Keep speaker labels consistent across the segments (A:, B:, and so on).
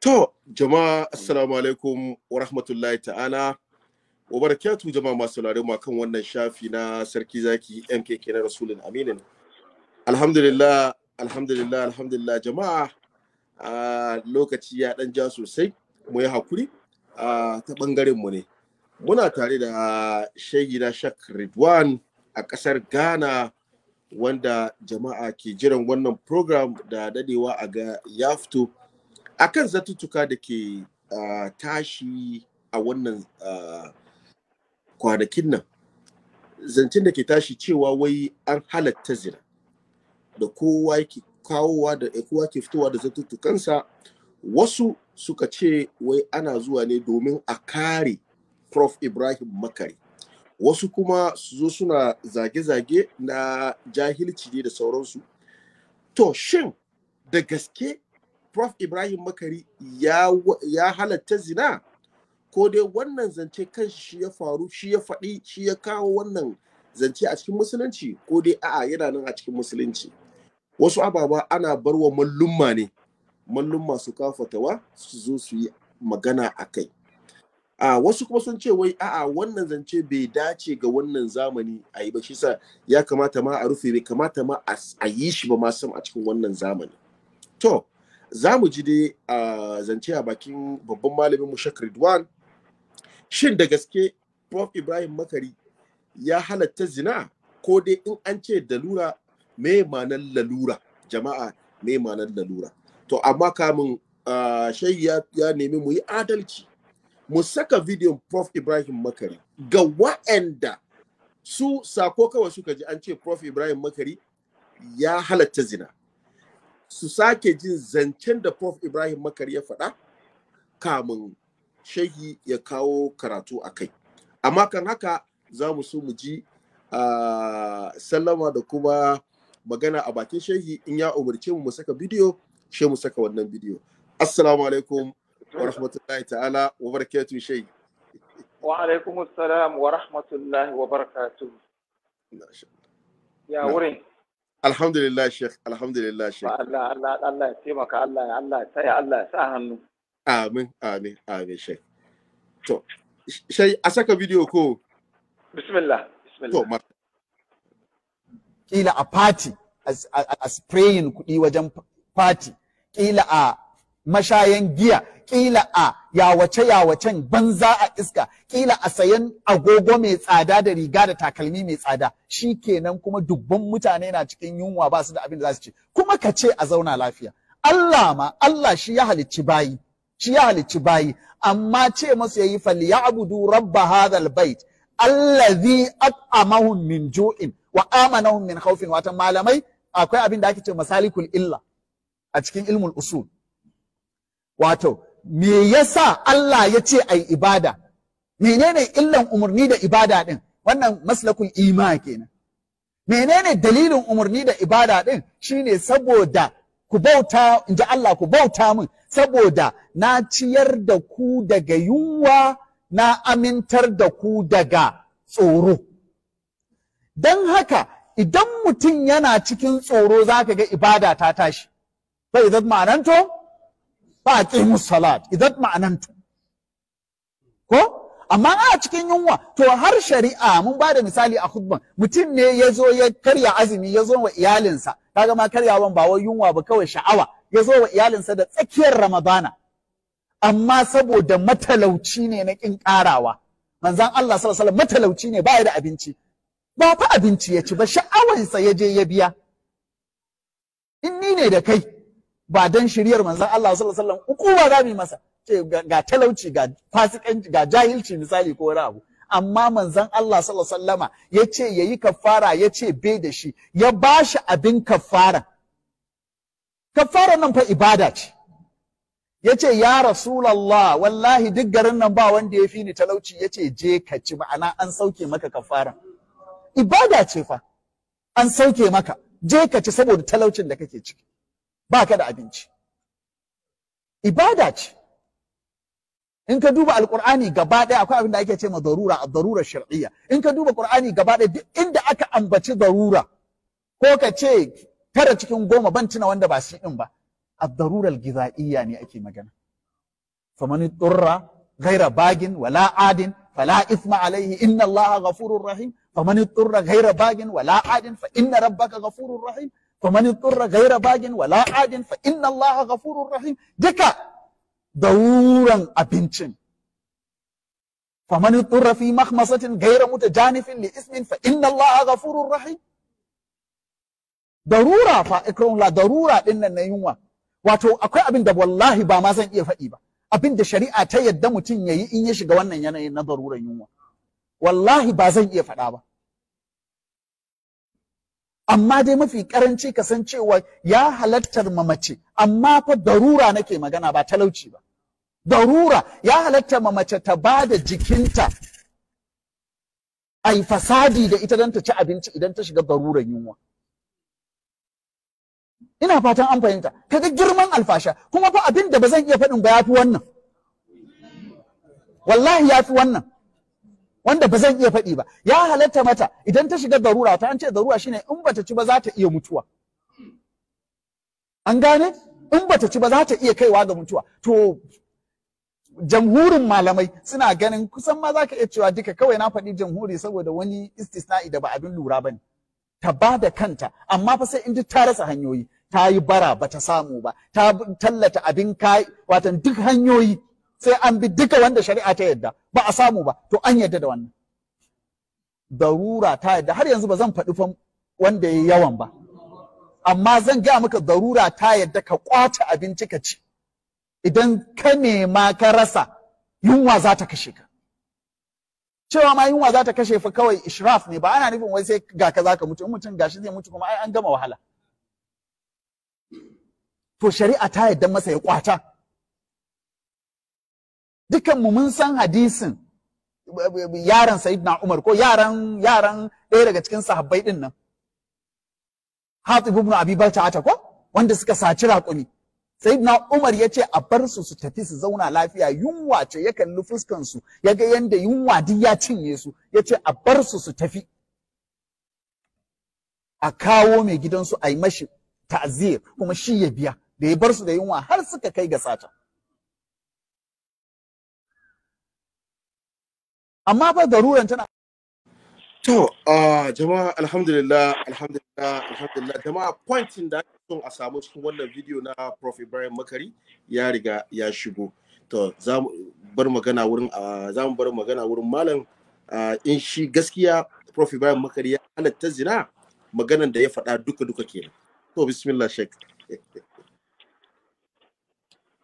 A: To, jama'a assalamu alaikum wa rahmatullahi ta'ala. Wa barakatu jama'a masu saurare mu kan wannan shafi na Sarki Zaki MKK na Rasulun Aminin. Alhamdulillah, alhamdulillah, alhamdulillah jama'a. a ah, lokaci ya ɗan ja sosai mu yi hakuri a ah, ta ɓangaren mu ne. Muna tare da na Shak Ridwan a ƙasar Ghana wanda jama'a ke jiran wannan program da dadewa a ga ya fito. akan zatuttuka da ke ah, tashi a wannan ah, kwanakin nan zancen da ke tashi cewa wai an halatta zina da kowa ke kawowa da kowa ke fitowa da zatuttukansa wasu suka ce wai ana zuwa ne domin a kare prof ibrahim makari wasu kuma su zo suna zage-zage na jahilci ne da sauransu to shin da gaske prof ibrahim makari ya, ya halatta zina ko dai wannan zance kan shi ya faru shi ya faɗi shi ya kawo wannan zance a cikin musulunci ko dai a'a yana nan a cikin musulunci wasu ababa ana barwa mallumma ne mallumma su kafatawa su zo su yi magana a kai a wasu kuma sun ce wai a'a wannan zance bai dace ga wannan zamani a yi ba shi sa ya kamata ma a rufe bai kamata ma a yi shi ba ma sam a cikin wannan zamani to za mu ji dai a zance a bakin babban malamin mu Sheikh Ridwan shin da gaske Prof Ibrahim Makari ya halatta zina ko dai in an ce da lura, me manan lalura jama'a me manan lalura to amma kamun shai ya nemi mu yi adalci mu saka bidiyon prof ibrahim makari ga wa'anda su sako kawai suka ji an ce prof ibrahim makari ya halatta zina su sake jin zancen da prof ibrahim makar ya faɗa kamun shehi ya kawo karatu a kai amma kan haka za mu so mu ji uh, sallama da kuma magana a bakin shehi in ya umarce mu mu saka bidiyo she mu saka wannan bidiyo assalamu alaikum wa rahmatullahi ta'ala wa barakatuh shehi
B: wa alaikum assalam wa rahmatullahi wa barakatuh ya wurin
A: Alhamdulillah Sheikh, alhamdulillah Sheikh. Allah
B: Allah Allah ya taimaka Allah ya Allah ya Allah
A: ya sa hannu. Amin amin amin Sheikh. To shai a saka bidiyo
C: ko Bismillah bismillah. To ma kila a party as, as praying kuɗi wajen party kila a mashayan giya kila a yawace yawacen banza a iska kila a sayan agogo mai tsada da riga da takalmi mai tsada shi kenan kuma dubban mutane na cikin yunwa ba su da abin da za su ci kuma ka ce a zauna lafiya Allah ma Allah shi ya halicci bayi shi ya halicci bayi amma ce masu yayi falyabudu rabba hadhal bait allazi at'amahum min ju'in wa amanahum min khawfin wata malamai akwai abin da ake ce masalikul illa a cikin ilmul usul wato me yasa Allah ya ce ayi ibada menene illan umarni da ibada din wannan maslakun ima kenan menene dalilin umarni da ibada din shine saboda ku bauta inji Allah ku bauta min saboda na ciyar da ku daga yunwa na amintar da ku daga tsoro don haka idan mutum yana cikin tsoro zaka ga ibada ta tashi bai zama ma'ananto fa aqimu salat idan ma'anantum ko amma a cikin yunwa to har shari'a mun ba da misali a khutban mutum ne ya zo ya karya azumi ya zo wa iyalinsa kaga ma karyawan ba wai yunwa ba kawai sha'awa ya zo wa iyalinsa da tsakiyar ramadana amma saboda matalauci ne na ƙarawa, karawa manzon Allah sallallahu alaihi matalauci ne ba da abinci ba fa abinci ya ci ba sha'awansa ya je ya biya in ni ne da kai ba dan shiryar manzon Allah sallallahu alaihi wasallam hukuma za mu masa ce ga talauci ga fasikanci ga jahilci misali ko wani abu amma manzon Allah sallallahu ya ce yace yayi kafara yace bai da shi ya ba shi abin kafara kafara nan fa ibada ce yace ya rasulullah wallahi duk garin nan ba wanda ya fi ni talauci yace je ka ci ma'ana an sauke maka kafaran ibada ce fa an sauke maka je ka ci saboda talaucin da kake ciki ba ka da abinci ibada ce in ka duba Alƙur'ani gaba ɗaya akwai abin da ake ce ma darura ad-darura shar'iyya in ka duba ƙur'ani gaba ɗaya duk inda aka ambaci darura ko ka ce tara cikin goma ban tuna wanda ba shi ɗin ba a darurar al ne ake magana faman durra ghaira bagin wala adin fala isma alaihi inna allaha ghafurur rahim faman durra ghaira bagin wala adin fa inna rabbaka ghafurur rahim fa man yutturra gaira bagin wala adin fa inna Allah ghafurur rahim duka da abincin fa man yutturra fi makhmasatin gaira mutajanifin li ismin fa inna Allah ghafurur rahim darura fa ikrunla darura din nan na yunwa wato akwai abinda da wallahi ba ma zan iya faɗi ba Abinda shari'a ta yadda mutum ya yi in ya shiga wannan yanayin na darurar yunwa wallahi ba zan iya faɗa ba amma dai mafi karanci ka san cewa ya halattar mamace amma fa darura nake magana ba talauci ba darura ya halattar mamace ta ba da jikinta ai fasadi da ita don ta ci abinci idan ta shiga baruran yunwa ina fatan an fahimta kaga girman alfasha kuma fa abin da ba zan iya faɗin ba ya fi wannan wallahi ya fi wannan wanda ba zan iya faɗi ba ya halatta mata idan ta shiga darura ta an ce darura shine in bata ci ba za ta iya mutuwa an gane in bata ci ba za ta iya kaiwa ga mutuwa to jamhurin malamai suna ganin kusan ma za ka iya cewa duka kawai na faɗi jamhuri saboda wani istisna'i da ba abin lura ba ne ta ba da kanta amma fa sai in ta rasa hanyoyi ta yi bara ba ta samu ba ta tallata abin kai watan duk hanyoyi sai an bi duka wanda shari'a ta yadda ba a samu ba to an yadda da wannan darura ta yadda har yanzu ba zan faɗi fa wanda ya yawan ba amma zan gaya maka darura ta yadda ka kwace abinci ka ci idan ka nema ka rasa yunwa za ta kashe ka cewa ma yunwa za ta kashe fa kawai israf ne ba ana nufin wai sai ga ka za ka mutu in mutum gashi zai mutu kuma ai an gama wahala to shari'a ta yadda masa ya kwata dukan mu mun san hadisin yaran Sayyidina Umar ko yaran yaran ɗaya daga cikin sahabbai din nan Hatib ibn Abi ata ko wanda suka saci raƙumi Sayyidina Umar ya ce a bar su su tafi su zauna lafiya yunwa ce ya kalli fuskan su ya ga yanda yunwa duk ya cinye su ya ce a bar su su tafi a kawo mai gidansu a yi mashi ta'azir kuma shi ya biya da ya bar su da yunwa har suka kai ga sata amma fa garuran tana to uh, jama'a alhamdulillah alhamdulillah alhamdulillah
A: jama'a pointin da ake son a samu cikin wannan video na prof ibrahim makari ya riga ya shigo to za mu bar magana wurin za mu bar magana wurin malam in shi gaskiya prof ibrahim makari ya halatta zina maganan da ya faɗa duka duka kenan to bismillah shek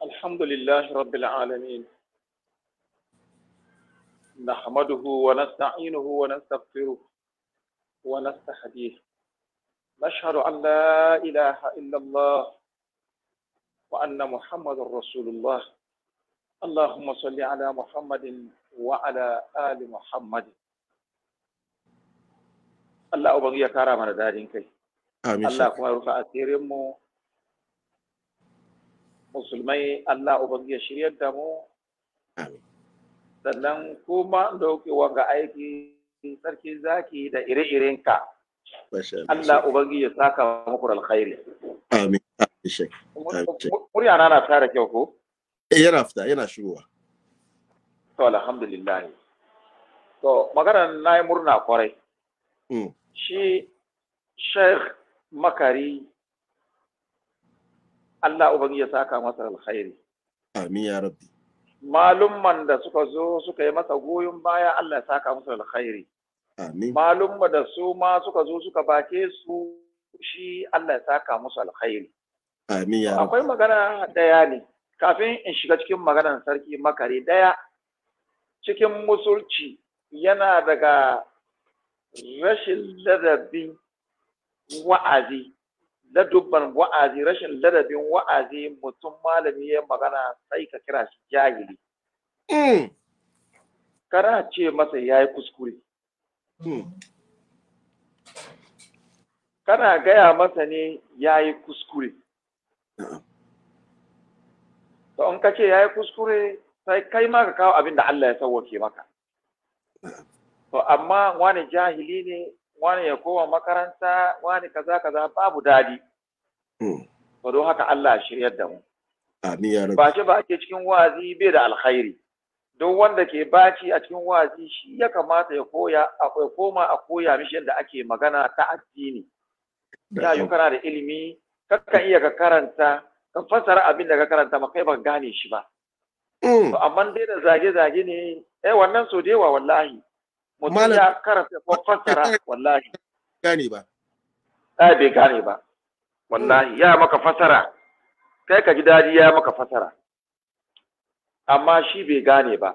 B: alhamdulillah rabbil alamin نحمده ونستعينه ونستغفره ونستهديه نشهد أن لا إله إلا الله وأن محمد رسول الله اللهم صل على محمد وعلى آل محمد Allah ubangi ya kara mana daɗin kai Allah kuma rufa asirin mu musulmai Allah ubangi shiryar da mu amin sannan kuma dauke wanga aiki sarki zaki da ire-irenka Allah ubangi ya saka muku alkhairi amin murya na na tara kyau ko eh, yana fita yana shigowa to alhamdulillah to magana na yi murna kwarai hmm. shi sheikh makari Allah ubangi ya saka masa alkhairi
A: amin ya rabbi
B: malumman da suka zo suka yi masa goyon baya Allah ya saka musu alkhairi malumma da su ma suka zo suka bake su shi Allah ya saka musu alkhairi akwai magana daya ne kafin in shiga cikin maganar sarki makare daya cikin musulci yana daga rashin ladabin wa'azi ladubban wa'azi rashin ladabin wa'azi mutum malami ya magana sai ka kira shi jahili hmm. kana ce masa ya yi kuskure hmm. kana gaya masa ne ya yi kuskure uh-uh. to in ka ce ya yi kuskure sai kai ma ka kawo abin da Allah ya sauwake maka uh-uh. to amma wani jahili ne wani ya koma makaranta wani kaza kaza babu dadi hmm. to don haka Allah shiryar da mu amin ya bace ba ake cikin wazi bai da alkhairi don wanda ke baci a cikin wazi shi ya kamata ya koya akwai koma a koya mishi yadda ake magana ta addini ya yi kana da ilimi kakan iya ka karanta ka fassara abin da ka karanta ma kai ba gane shi ba hmm. amma dai da zage-zage ne eh wannan so da yawa wallahi mutum ya karanta ko fassara wallahi gane ba ai bai gane ba wallahi ya maka fasara kai ka ji daji ya maka fasara amma shi bai gane ba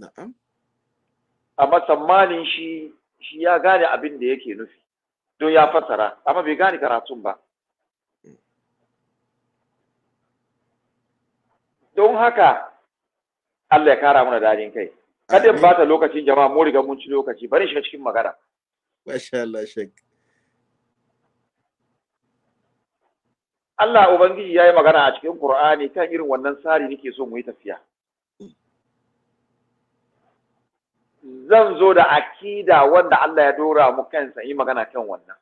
B: na'am amma tsammanin shi shi ya gane abin da yake nufi don ya fasara amma bai gane karatun ba don haka Allah ya kara mana dadin kai kada eh. ba ta lokacin jama'a mu riga mun ci lokaci bari shiga cikin magana
A: masha Allah shek
B: Allah ubangiji yayi magana a cikin Qur'ani kan irin wannan tsari nake so mu yi tafiya zan zo da akida wanda Allah ya dora mu kansa yi magana kan wannan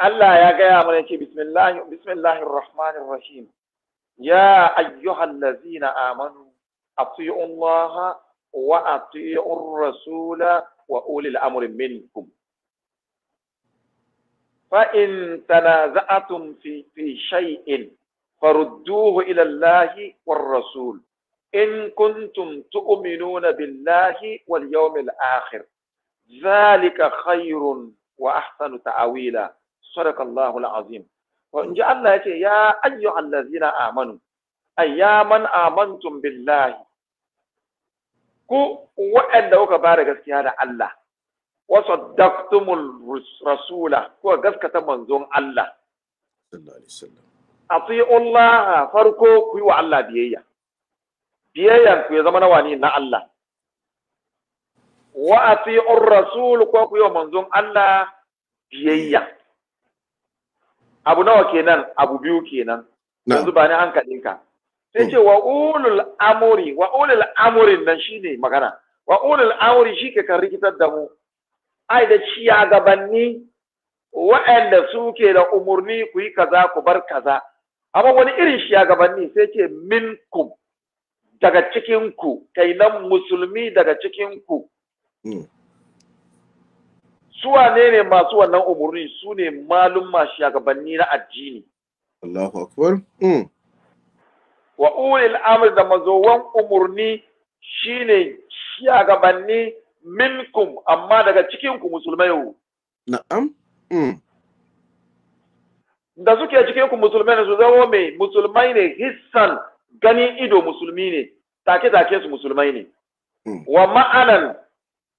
B: Allah ya gaya mana ce bismillahir rahmanir rahim ya ayyuhallazina amanu أطيعوا الله وأطيعوا الرسول وأولي الأمر منكم فإن تنازعتم في في شيء فردوه إلى الله والرسول إن كنتم تؤمنون بالله واليوم الآخر ذلك خير وأحسن تعويلا صدق الله العظيم وإن جاء الله يا أيها الذين آمنوا أياما آمنتم بالله ku waɗanda kuka ba da gaskiya da Allah wa saddaqtumul rasula kuka gaskata manzon Allah sallallahu alaihi wasallam Allah farko ku wa Allah biyayya Biyayya ku zama nawa ne na Allah wa ati'ur rasul ko ku wa manzon Allah biyayya abu nawa kenan abu biyu kenan yanzu ba ni hankalinka sai ce wa ulul amuri wa ulul amurin nan shine magana wa ulul amuri shi ke kan rikitar da mu ai da gabanni waɗanda suke da umurni ku yi kaza ku bar kaza amma wani irin gabanni sai ce minkum daga cikinku kainan musulmi daga cikinku hmm. suwa ne ne masu wannan umurni su ne malumma shiyagabanni na addini
A: Allahu akbar hmm.
B: wa ulil amr da mazowan umurni shine shagabanni minkum amma daga cikin ku musulmai na'am mm. da suke cikin ku musulmai ne su zama mai musulmai ne hissan ganin ido musulmi ne take take su musulmai ne mm. wa ma'anan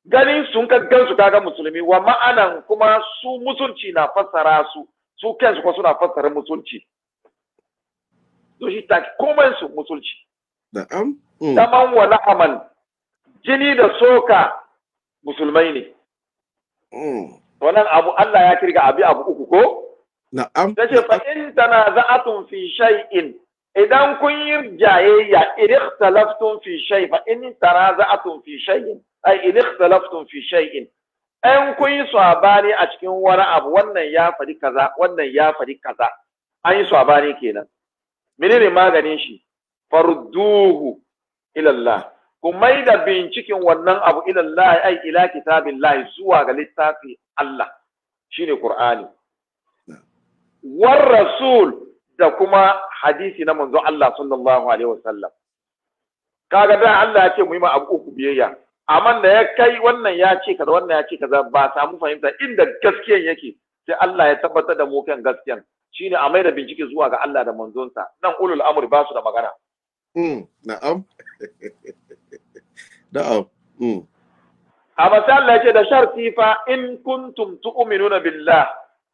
B: gani sun ka gansu kaga musulmi wa ma'anan kuma su musulci na fassara su su kansu kuma suna fassara musulci to shi ta komai su musulci
D: na'am mm. daman wa
B: la'aman jini da soka musulmai ne mm. wannan abu Allah ya kirga abi abu uku ko na'am ce fa in tanaza'atum fi shay'in idan kun yi jayayya idan fi shay fa in tanaza'atum fi shay'in ai idan fi shay'in an kun yi sabani a cikin wani abu wannan ya faɗi kaza wannan ya faɗi kaza an yi sabani kenan menene maganin shi farduhu ilallah ku mai da binciken wannan abu ilallah ai ila kitabillah zuwa ga littafi Allah shine Qur'ani war rasul da kuma hadisi na manzo Allah sallallahu alaihi wasallam kaga da Allah ya ce mu yi ma abu uku biyayya amma da ya kai wannan ya ce kaza wannan ya ce kaza ba samu fahimta inda gaskiyan yake sai Allah ya tabbatar da mu kan gaskiyan shine a mai da bincike zuwa ga Allah da manzonsa nan ulul amri ba su da magana
A: mm na'am
D: na'am mm
B: a mata Allah yake da sharti fa in kuntum tu'minuna billah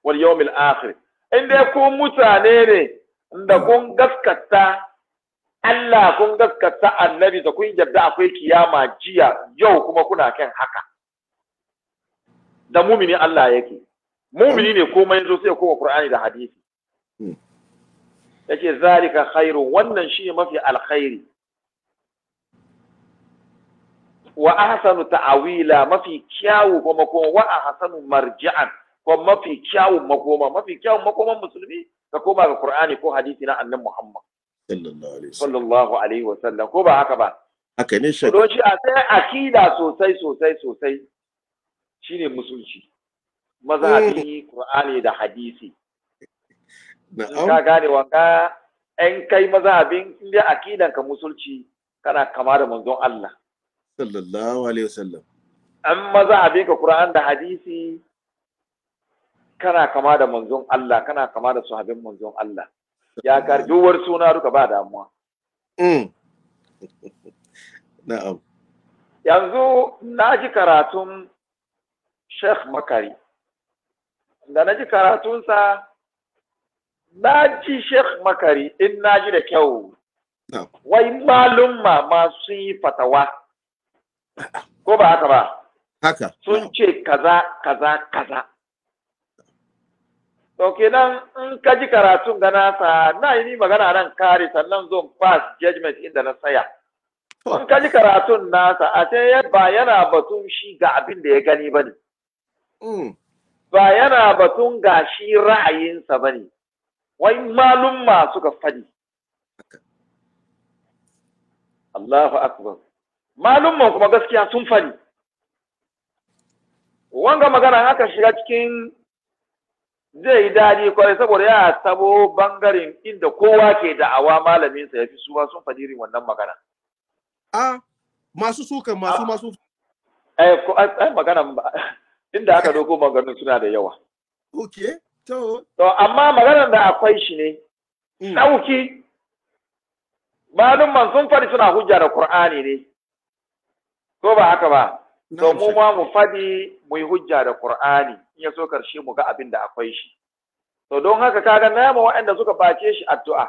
B: wal yawmil akhir in dai ku mutane ne da mm. kun gaskata Allah kun gaskata annabi da kun yarda akwai kiyama jiya yau kuma kuna kan haka da mumini Allah yake mumini mm. ne komai zo sai kowa Qur'ani da hadisi Hmm. yace zalika khairu wannan shine mafi alkhairi wa ahsanu ta'wila mafi kyawu kuma ko wa ahsanu marji'an ko mafi kyawun makoma mafi kyawun makoman musulmi ka koma ga Qur'ani ko hadisi na annabi Muhammad sallallahu alaihi wa sallam ko ba haka ba
A: haka ne shi doji
B: a sai akida sosai sosai sosai shine musulci mazhabi eh. Qur'ani da hadisi ka gane wanka ‘yan kai maza abin dai akidan ka musulci kana kama da manzon Allah
A: sallallahu alaihi wasallam
B: an abin ka Qur'an da hadisi kana kama da manzon Allah kana kama da sahabin manzon Allah ya kar suna duka ba damuwa
D: mm. na'am
B: yanzu na ji karatun Sheikh Makari da na ji karatunsa na ji Sheikh Makari in na ji da kyau. Wai malumma masu yi fatawa. Ko ba haka ba? Sun ce kaza kaza kaza. To kenan in ka ji karatun gana nasa na yi ni magana nan kare sannan zon pass judgment inda na saya. In ka ji karatun nasa a ce ba yana batun shi ga abin da ya gani ba ne. Mm. Ba yana batun ga shi ra'ayinsa ba ne. wai malumma suka faɗi Allahu akbar malumman kuma gaskiya sun fadi. wanga magana aka shiga cikin zai yi daɗi kwarai saboda ya sabo bangaren inda kowa ke da'awa malaminsa ya fi suwa sun fadi irin wannan magana.
A: A masu suka
B: masu masu. Eh, ko ai magana inda aka doko maganin suna da yawa. Ok. To, amma maganar da akwai shi ne, mm. ɗauki, malumman sun fadi suna hujja da Kur'ani ne, ko ba haka ba, to mu ma mu fadi mu yi hujja da Kur'ani in ya so karshe mu ga abin da akwai shi. To don haka kaga nema waɗanda suka bace shi addu'a,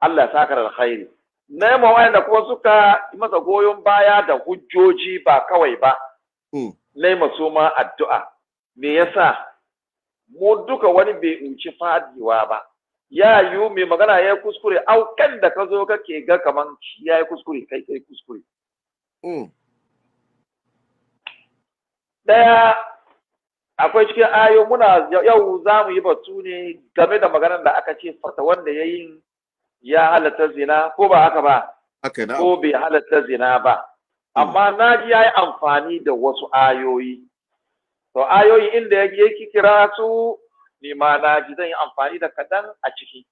B: Allah ya sakar alkhairi. Nema waɗanda kuma suka masa goyon baya da hujjoji ba kawai ba, mm. nema su ma addu'a. Me yasa mu duka wani bai unci fadiwa ba
D: ya yiwu
B: mai magana ya kuskure au da ka zo kake ga kaman ya yi kuskure kai kai kuskure daya mm. akwai cikin ayo muna yau za mu yi batu ne game da maganar da aka ce fata wanda ya yi ya halatta zina ko ba haka ba ko bai halatta zina ba amma mm. na ji ya yi amfani da wasu ayoyi to ayoyi inda yake kira su ni ma na ji zan yi amfani da kaɗan a ciki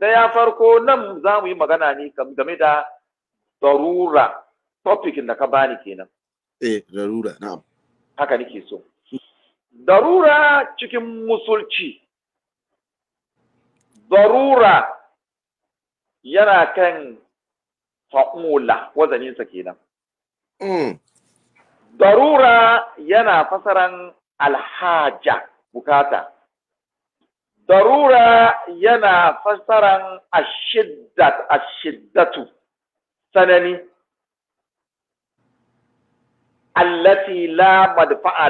B: daya farko nan za mu yi magana ne game da darura topikin da ka bani kenan
A: eh darura na'am
B: haka nake so darura cikin musulci darura yana kan fa'ula wazaninsa kenan mm. darura yana fasaran alhaja bukata darura yana fasaran ashiddat ashiddatu sanani allati la madfa'a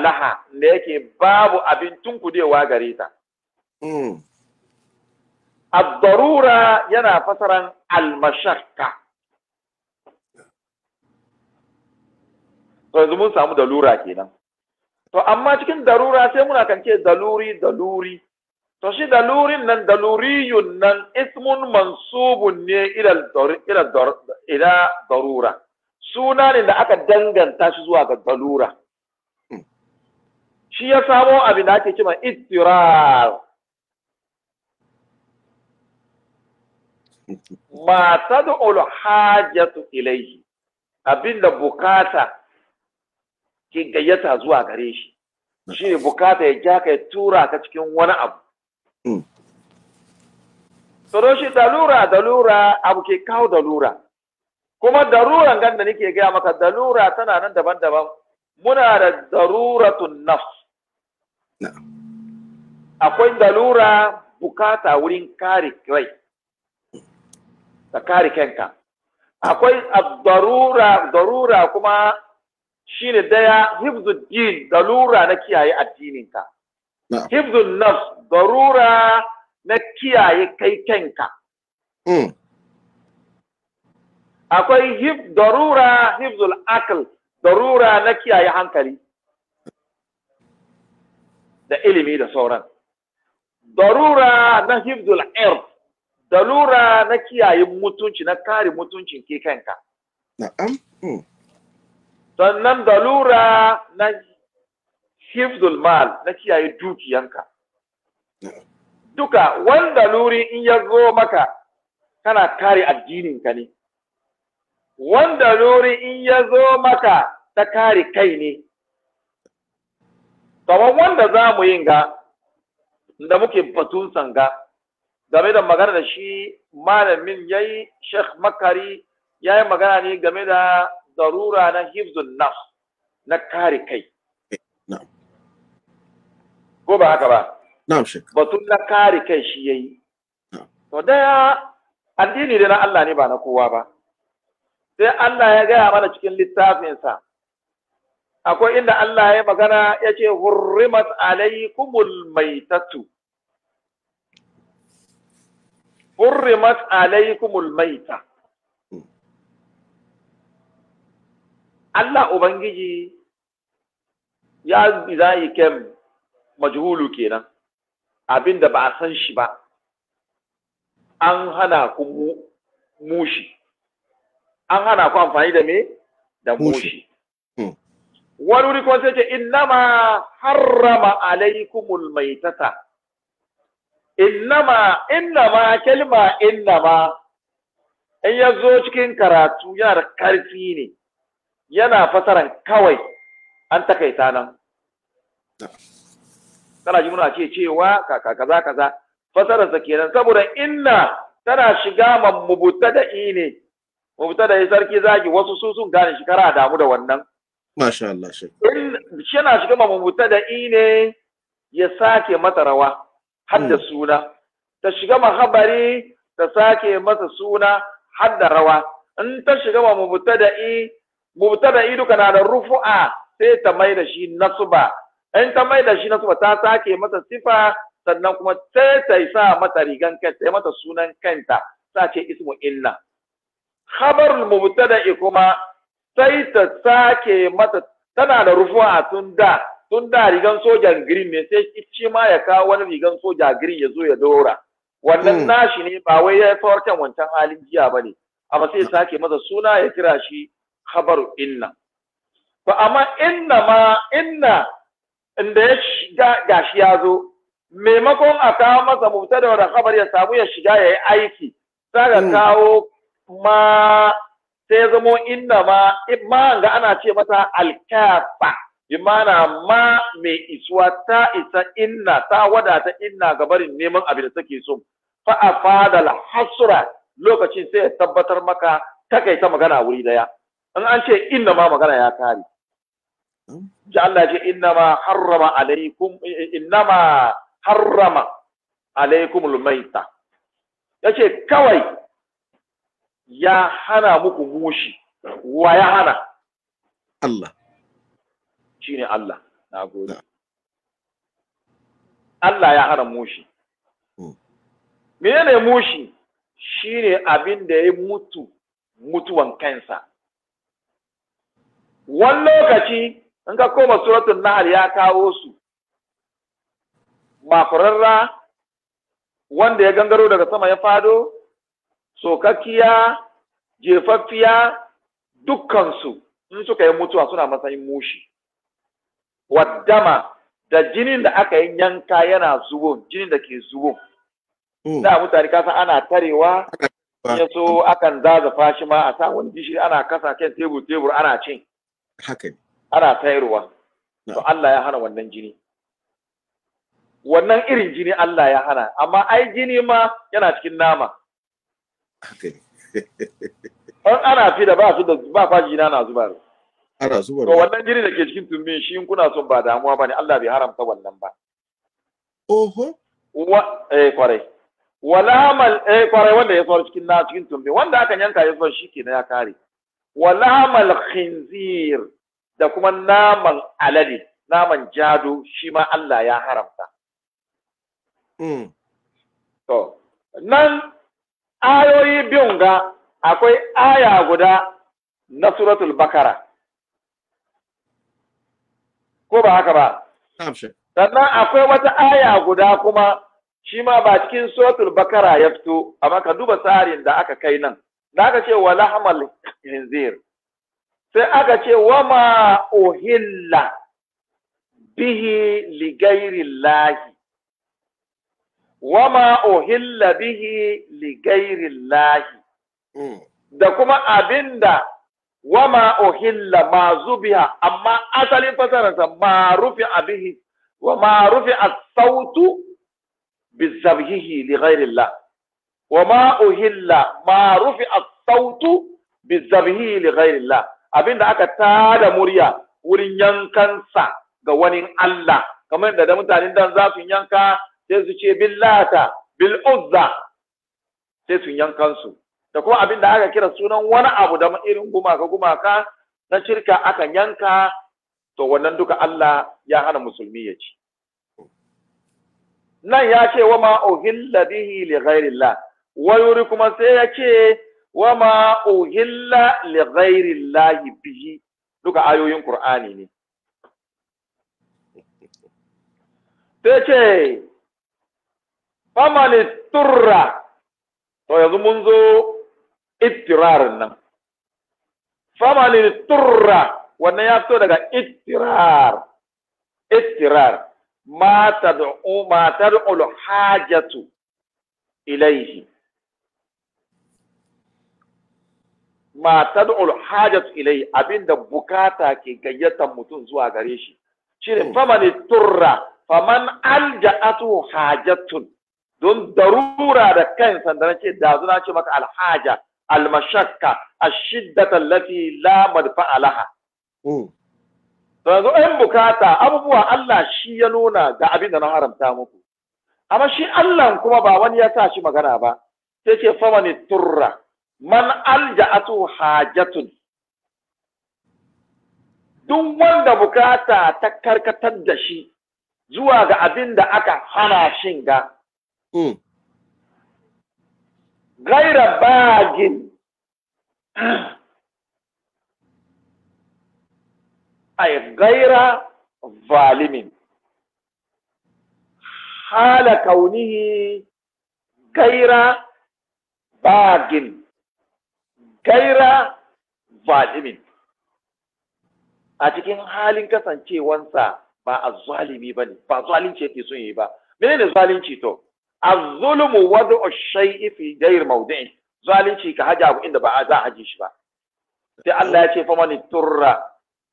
B: da yake babu abin tunkudewa gare ta mm. ad-darura yana fasaran al-mashakka yanzu mun samu dalura kenan to amma cikin darura sai muna kan ce daluri daluri to shi dalurin nan daluriyun nan ismun mansubun ne ila darura suna ne da aka danganta shi zuwa ga dalura hmm. shi ya samo abin da ake cima istirar hmm. ma tad'ul hajatu ilayhi abinda bukata ki gayyata zuwa gare shi ne bukata ya ja ka ya tura ka cikin wani abu tsoro mm. shi dalura dalura abu ke kawo dalura kuma daruran gan da nake gaya maka dalura tana nan daban-daban muna da daruratun nafs akwai dalura bukata wurin kare rai da kare kanka akwai darura kuma shine daya hifzud din darura na kiyaye addininka hifzun nafs darura na kiyaye kai kanka hmm. akwai hif darura hifzul akal darura na kiyaye hankali da ilimi da sauran darura na hifzul irf darura na kiyaye mutunci na kare mutuncin kai kanka
D: na'am hmm.
B: sannan da lura na hifdul mal na kiyaye dukiyanka duka wanda luri in ya zo maka kana kare addininka ne wanda luri in ya zo maka ta kare kai ne kamar wanda za mu yin ga da muke batun sanga game da magana da shi malamin ya yi shek makari ya yi magana ne game da darura na hifzun nas na kare kai eh, ko ba haka ba na'am shek batun na kare kai shi yayi to daya addini da na Allah ne ba na kowa ba sai Allah ya gaya mana cikin littafinsa akwai inda Allah ya magana ya ce hurrimat alaikumul maitatu hurrimat alaikumul maita Allah Ubangiji ya zai kem majhulu kenan abin ba a san shi ba an hana ku mushi an hana ku amfani da me da mushi hmm. wani wuri kuma sai ce innama harrama alaikumul maitata innama innama kalma innama in ya zo cikin karatu yana da karfi ne yana fasaran kawai an takaita nan tana ji muna ce cewa kaza kaza fasaran sa kenan saboda inna tana shiga man mubtada'i ne mubtada'i sarki zaki wasu su sun gane shi kara damu da wannan
D: masha Allah shi
B: yana shiga man mubtada'i ne ya sake mata rawa har da hmm. suna ta shiga man habari ta sake masa suna har da rawa in ta shiga man mubtada'i mubtada idu na da rufu'a sai ta mai da shi nasuba in ta mai da shi nasuba ta sake mata sifa sannan kuma sai ta sa mata rigan kanta ya mata sunan kanta sa ce ismu illa khabar mubtada kuma sai ta sake mata tana da rufu'a tun da tun da rigan sojan green ne sai kici ma ya kawo wani rigan soja green ya zo ya dora wannan hmm. nashi ne ba wai ya farkan wancan halin jiya ne. amma sai sake masa suna ya kira shi khabaru inna fa amma inna ma inna inda ya shiga gashi ya zo maimakon a kawo masa mubta da khabar ya samu ya shiga ya yi aiki sai hmm. kawo ma sai zamo inna ma ma ga ana ce mata alkafa imana ma mai isuwa ta isa inna ta wadata inna ga barin neman abin da take so fa afadal hasra lokacin sai ya tabbatar maka takaita magana wuri daya in an ce inna ma magana ya kare hmm? ji Allah ce inna ma harrama alaikum inna ma harrama alaikum almaita yace kawai ya hana muku mushi wa ya hana Allah shine Allah nagode Allah ya hana mushi hmm. menene mushi shine abin da ya mutu mutuwan kansa wani lokaci in ka koma suratun nahal ya kawo su makurarra wanda ya gangaro daga sama ya fado sokakkiya jefaffiya dukkansu in suka yi mutuwa suna matsayin mushi waddama da jinin da aka yi yanka yana zubon jinin da ke zubon hmm. da mutane kasa ana tarewa ya so akan zazafa shi ma a sa wani gishiri ana kasa kan tebur tebur ana cin haka ne ana tayarwa to Allah ya hana wannan jini wannan irin jini Allah ya hana amma ai jini ma yana cikin nama haka ne an ana fi da ba su da ba fa jina na ne
A: ana zuba. to wannan
B: jini da ke cikin tumbin shi in kuna son ba damuwa bane Allah bai haramta wannan ba oho wa eh kwarai wala mal eh kwarai wanda ya tsoro cikin na cikin tumbin wanda aka yanka ya tsoro shi kenan ya kare walamal khinzir da kuma naman alade naman jado shi ma Allah ya haramta mm. to nan ayoyi biyun ga akwai aya guda na suratul bakara ko ba haka ba sannan akwai wata aya guda kuma shi ma ba cikin suratul bakara ya fito amma ka duba tsarin da aka kai nan da aka ce wa lahmal hinzir sai aka ce wa ma uhilla bihi li gairi lahi wa ma uhilla bihi li gairi lahi hmm. da kuma abinda wa ma uhilla ma zubiha amma asalin fasararsa ma rufi bihi wa ma rufi as-sautu bi li ghairi wa ma uhilla ma rufi as-sautu bizabhi li ghairillah abinda aka tada murya wurin yankansa ga wani Allah kamar da mutanen dan za su yanka sai su ce billata bil uzza sai su yankansu da kuma abinda aka kira sunan wani abu da irin gumaka gumaka na shirka aka yanka to wannan duka Allah ya hana musulmi ya ci nan ya ce wa ma uhilla bihi li ghairillah wayuri kuma sai ya ce wa ma uhilla li ghairi llahi bihi duka ayoyin qur'ani ne sai ce famani turra to yanzu mun zo ittirarin nan famani turra wannan ya fito daga ittirar ittirar ma tad'u ma tad'u al-hajatu ilayhi ma tad'ul hajat ilai abinda bukata ke gayyatar mutum zuwa gare shi shine hmm. famani turra faman alja'atu hajatun don darura da kansa da nace da zuna ce maka alhaja almashakka ashiddata allati la madfa'a laha hmm. yanzu ‘yan bukata abubuwa Allah shi ya nuna da abin da na haramta muku, amma shi Allah kuma ba wani ya sa shi magana ba, sai ce fama turra, man alja'atu hajatun duk wanda bukata ta karkatar da shi zuwa ga abin da aka hana shin ga hmm. gaira bagin ay gaira valimin, hala kaunihi gaira bagin
D: gaira
B: zalimin a cikin halin kasancewansa ba a zalimi ba ne ba zalunci yake son yi ba menene zalunci to az-zulmu wad'u shay'i fi ghayr mawdi'i zalunci ka haja abu inda ba a za a haji shi ba sai Allah ya ce fa mani turra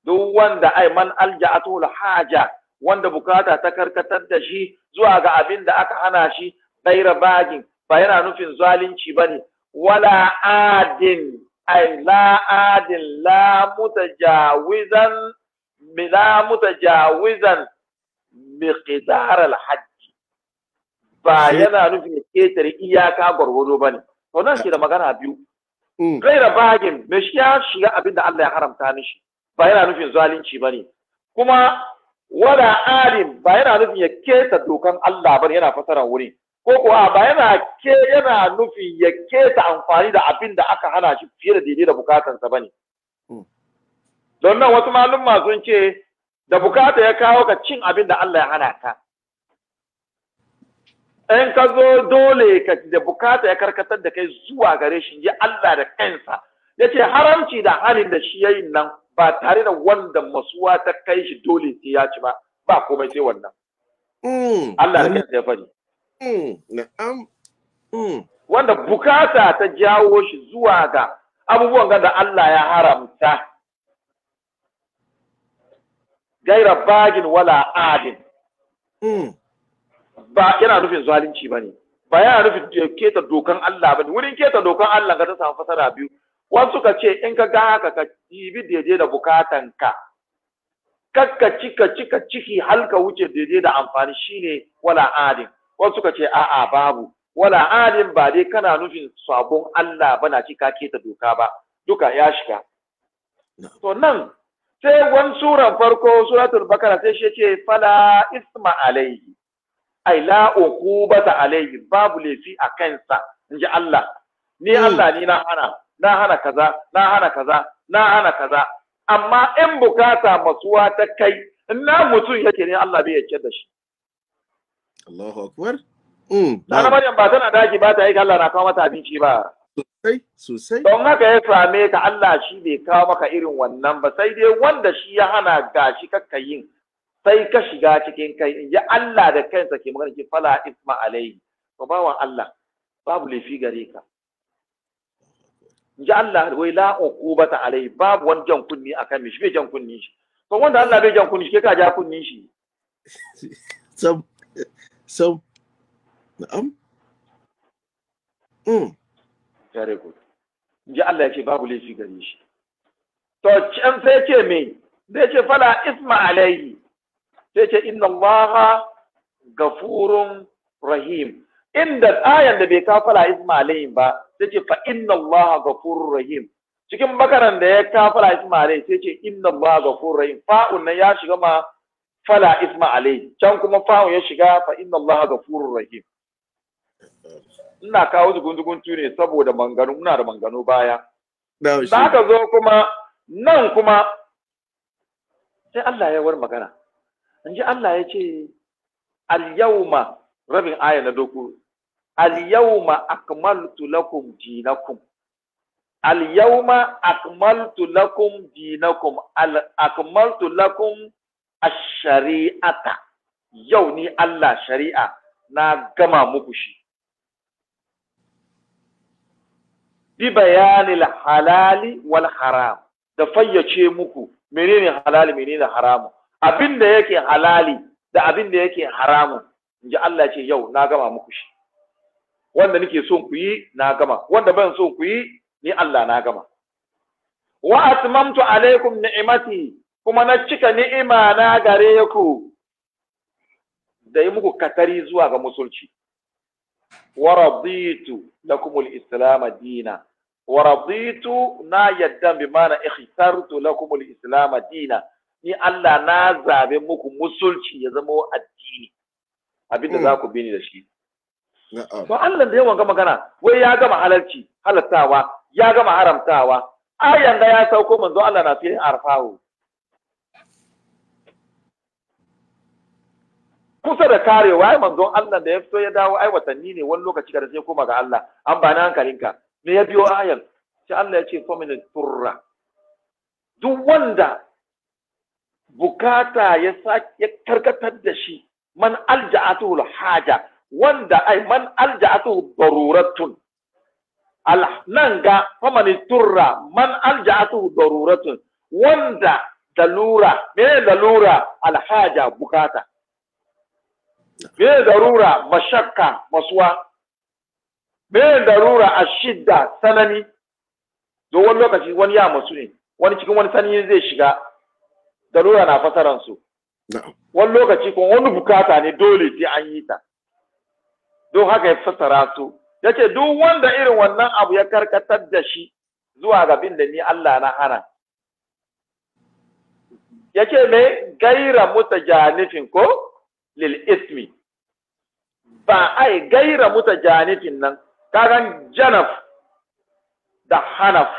B: duk wanda ai man alja'atu haja wanda bukata ta karkatar da shi zuwa ga abin da aka hana shi gaira bagin ba yana nufin zalunci ne. wala adin ay la adin la mutajawizan la mutajawizan miqdar al-hajj ba yana nufin ketare iyaka gwargwado bane to nan shi da magana biyu gaira bagin me shi ya shiga abin da Allah ya haramta mishi ba yana nufin zalunci bane kuma wala alim ba yana nufin ya keta dokan Allah bane yana fasara wurin ko kuwa ba yana ke yana nufi ya keta amfani da abin da aka hana shi fiye da daidai da bukatansa ba ne. Hmm. Don nan wasu malumma sun ce da bukata ya kawo ka cin abin da Allah ya hana ka. In ka zo dole ka da bukata ya karkatar da kai zuwa gare shi ya Allah da kansa. Ya ce haramci da halin da shi ya yi nan ba tare da wanda masuwa ta kai shi dole sai ya ci ba ba komai sai wannan.
D: Hmm. Allah da kansa
B: ya fari. Mm, mm. wanda bukata ta jawo shi zuwa ga abubuwan da Allah ya haramta gaira bagin wala adin mm. ba yana nufin zalunci ba ne ba yana nufin keta dokan Allah ba ne wurin keta dokan Allah ga ta samu fasara biyu wasu suka ce in ka ga haka ka jibi daidai da bukatanka kakka cika cika ciki halka wuce daidai da amfani shine wala adin wasu suka ce a'a babu wala alim ba dai kana nufin sabon Allah bana ci ka keta doka ba duka ya shiga to nan sai wani suran farko suratul bakara sai shi ce fala isma alaihi ai la uqubata alaihi babu laifi a kansa inji Allah ni hmm. Allah ni na hana na hana kaza na hana kaza na hana kaza amma in bukata masuwa ta kai na mutum yake ne Allah bai yarda da shi
D: Allahu akbar. Mm,
A: na Maryam ba tana
B: daki ba ta yi Allah na kawo mata abinci ba. Sosai, sosai. Don haka ya same ka Allah shi bai kawo maka irin wannan ba sai dai wanda shi ya hana gashi kakka yin sai ka shiga cikin kai ji Allah da kansa ke magana ke fala isma alai. Ba bawan Allah babu laifi gare ka. Ji Allah wai la uqubata alai babu wani jan kunni akan shi bai jan kunni shi. To wanda Allah bai jan kunni shi ke ka ja kunni shi. So, na'am. Mm. Very good. Ya Allah ya ce babu laifi gare shi. To, can sai ce me? Zai ce fala isma alayhi, Sai ce inna Allah gafurun rahim.
E: Inda ayan
B: da bai ka fala isma alayhi ba, sai ce fa inna Allah gafurun rahim. Cikin bakaran da ya ka fala isma alayhi sai ce inna Allah gafurun rahim. Fa'un nan ya shiga ma fala isma alai can kuma fa'un ya shiga fa inna allaha ghafurur rahim ina kawo zugun-zugun ne saboda manganu Ina da manganu baya
A: Da ka
B: zo kuma nan kuma sai Allah ya war magana in ji Allah ya ce al-yawma rabin aya na doku al-yawma akmaltu lakum dinakum al-yawma akmaltu lakum dinakum akmaltu lakum ashari'ata shariata yau ni Allah shari'a na gama muku shi bi bayanil halali wal haram da fayyace muku menene halali menene haramu Abinda da yake halali da abin da yake haramu inji Allah ce yau na gama muku shi wanda nake son ku yi na gama wanda ban son ku yi ni Allah na gama wa atmamtu alaikum ni'mati kuma na cika ni'ima na gare ku da yi muku katari zuwa ga musulci wa raditu lakum al-islam dina wa raditu na yadda bi mana ikhtartu lakum al-islam dina ni Allah na zabe muku musulci ya zama addini abinda za ku bi ni da shi to Allah da yawan ga magana wai ya gama halalci halattawa ya gama haramtawa ayan da ya sauko manzo Allah na fi arfawo kusa da karewa ai manzon Allah da ya fito ya dawo ai watanni ne wani lokaci da sai koma ga Allah an ba na hankalinka me ya biyo ayan sai Allah ya ce famin turra duk wanda bukata ya ya karkatar da shi man alja'atuhu haja wanda ai man alja'atuhu daruratun nan ga famin turra man alja'atuhu daruratun wanda dalura me dalura alhaja bukata me darura mashakka masuwa me darura ashidda sanani Do wani lokaci wani ya masu ne wani cikin wani sanyi zai shiga darura na fasaran su wani lokaci kuma wani bukata ne dole sai an yi ta don haka ya fassara su yace duk wanda irin wannan abu ya karkatar da shi zuwa ga bin da ni Allah na hana yace me gaira mutajanifin ko lil ismi ba ai gaira muta janifin nan kagan janaf da hanaf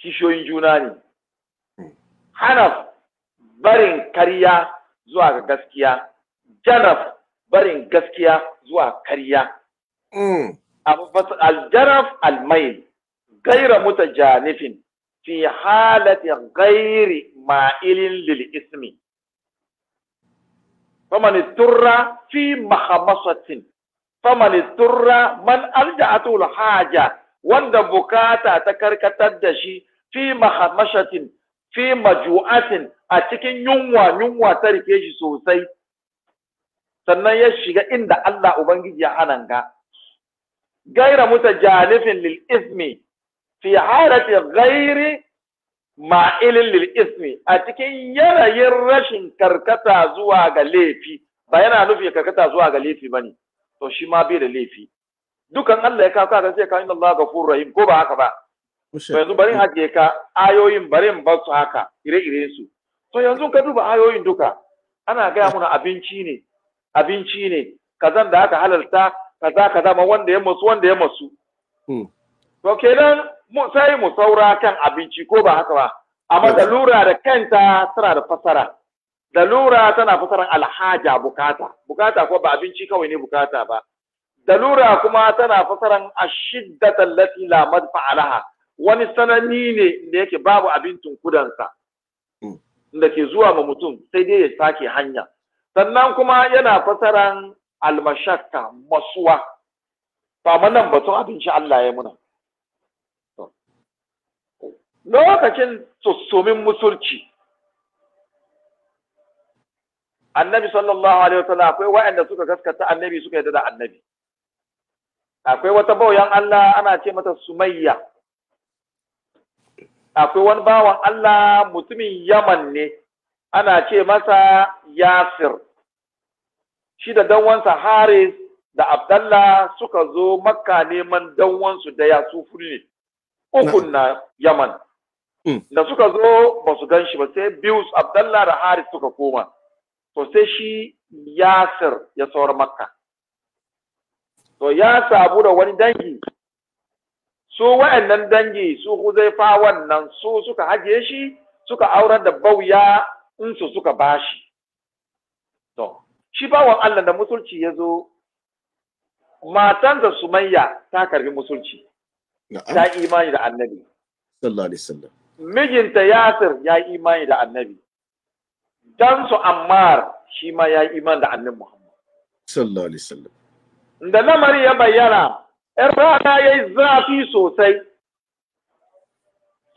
B: kishiyoyin juna ne hanaf barin karya zuwa ga gaskiya janaf barin gaskiya zuwa karya mm. aljanaf almail gaira muta janifin fi halati gairi ma'ilin lil ismi فمن اضطر في مخمصة faman turra man alja'atul haja wanda bukata ta karkatar da shi fi mahammashatin fi maju'atin a cikin yunwa yunwa ta rike shi sosai sannan ya shiga inda Allah ubangiji ya ananga gaira muta jalifin lil ismi fi harati ghairi ma'ilin lil ismi a cikin yanayin rashin karkata zuwa ga laifi ba yana nufi karkata zuwa ga laifi ba ne. to shi ma bai da laifi dukan Allah ya kawo kaga sai ka inna Allah gafur rahim ko ba haka ba to yanzu bari haje ka ayoyin bari ba su haka ire-ire su to yanzu ka duba ayoyin duka ana gaya muna abinci ne abinci ne kazan da aka halarta kaza kaza ma wanda ya masu wanda ya masu hmm. to kenan mu sai mu saura kan abinci ko ba haka ba amma da lura da kanta tana da fasara da lura tana fasaran alhaja bukata bukata ko ba abinci kawai ne bukata ba da lura kuma tana fasaran ashiddata allati la madfa alaha wani sanani ne da yake babu abin tunkudansa hmm. da ke zuwa ma mutum sai dai ya sake hanya sannan kuma yana fasaran almashakka masuwa Ba nan batun abinci Allah ya muna lokacin tsotsomin musulci annabi sallallahu alaihi wasallam akwai wa'anda suka gaskata annabi suka yarda da annabi akwai wata bauyan Allah ana ce mata sumayya akwai wani bawan Allah mutumin yaman ne ana ce masa yasir shi da danwansa haris da abdallah suka zo makka neman danwansu da yasu ne ukun na yaman da suka zo ba su gan shi ba sai bills abdallah da haris suka koma to sai shi yasir ya saura makka to ya sabu da wani dangi su wa'annan dangi su huzaifa wannan su suka haje shi suka aurar da bauya in su suka bashi to shi bawan Allah da musulci ya zo matansa sumayya ta karbi musulci ta imani da annabi
A: sallallahu alaihi wasallam
B: mijinta Yasir ya yi imani da annabi dan su Ammar shi ma ya yi imani da annabi Muhammad
A: sallallahu alaihi wasallam
B: da lamari ya bayyana ‘yan rana ya yi zafi sosai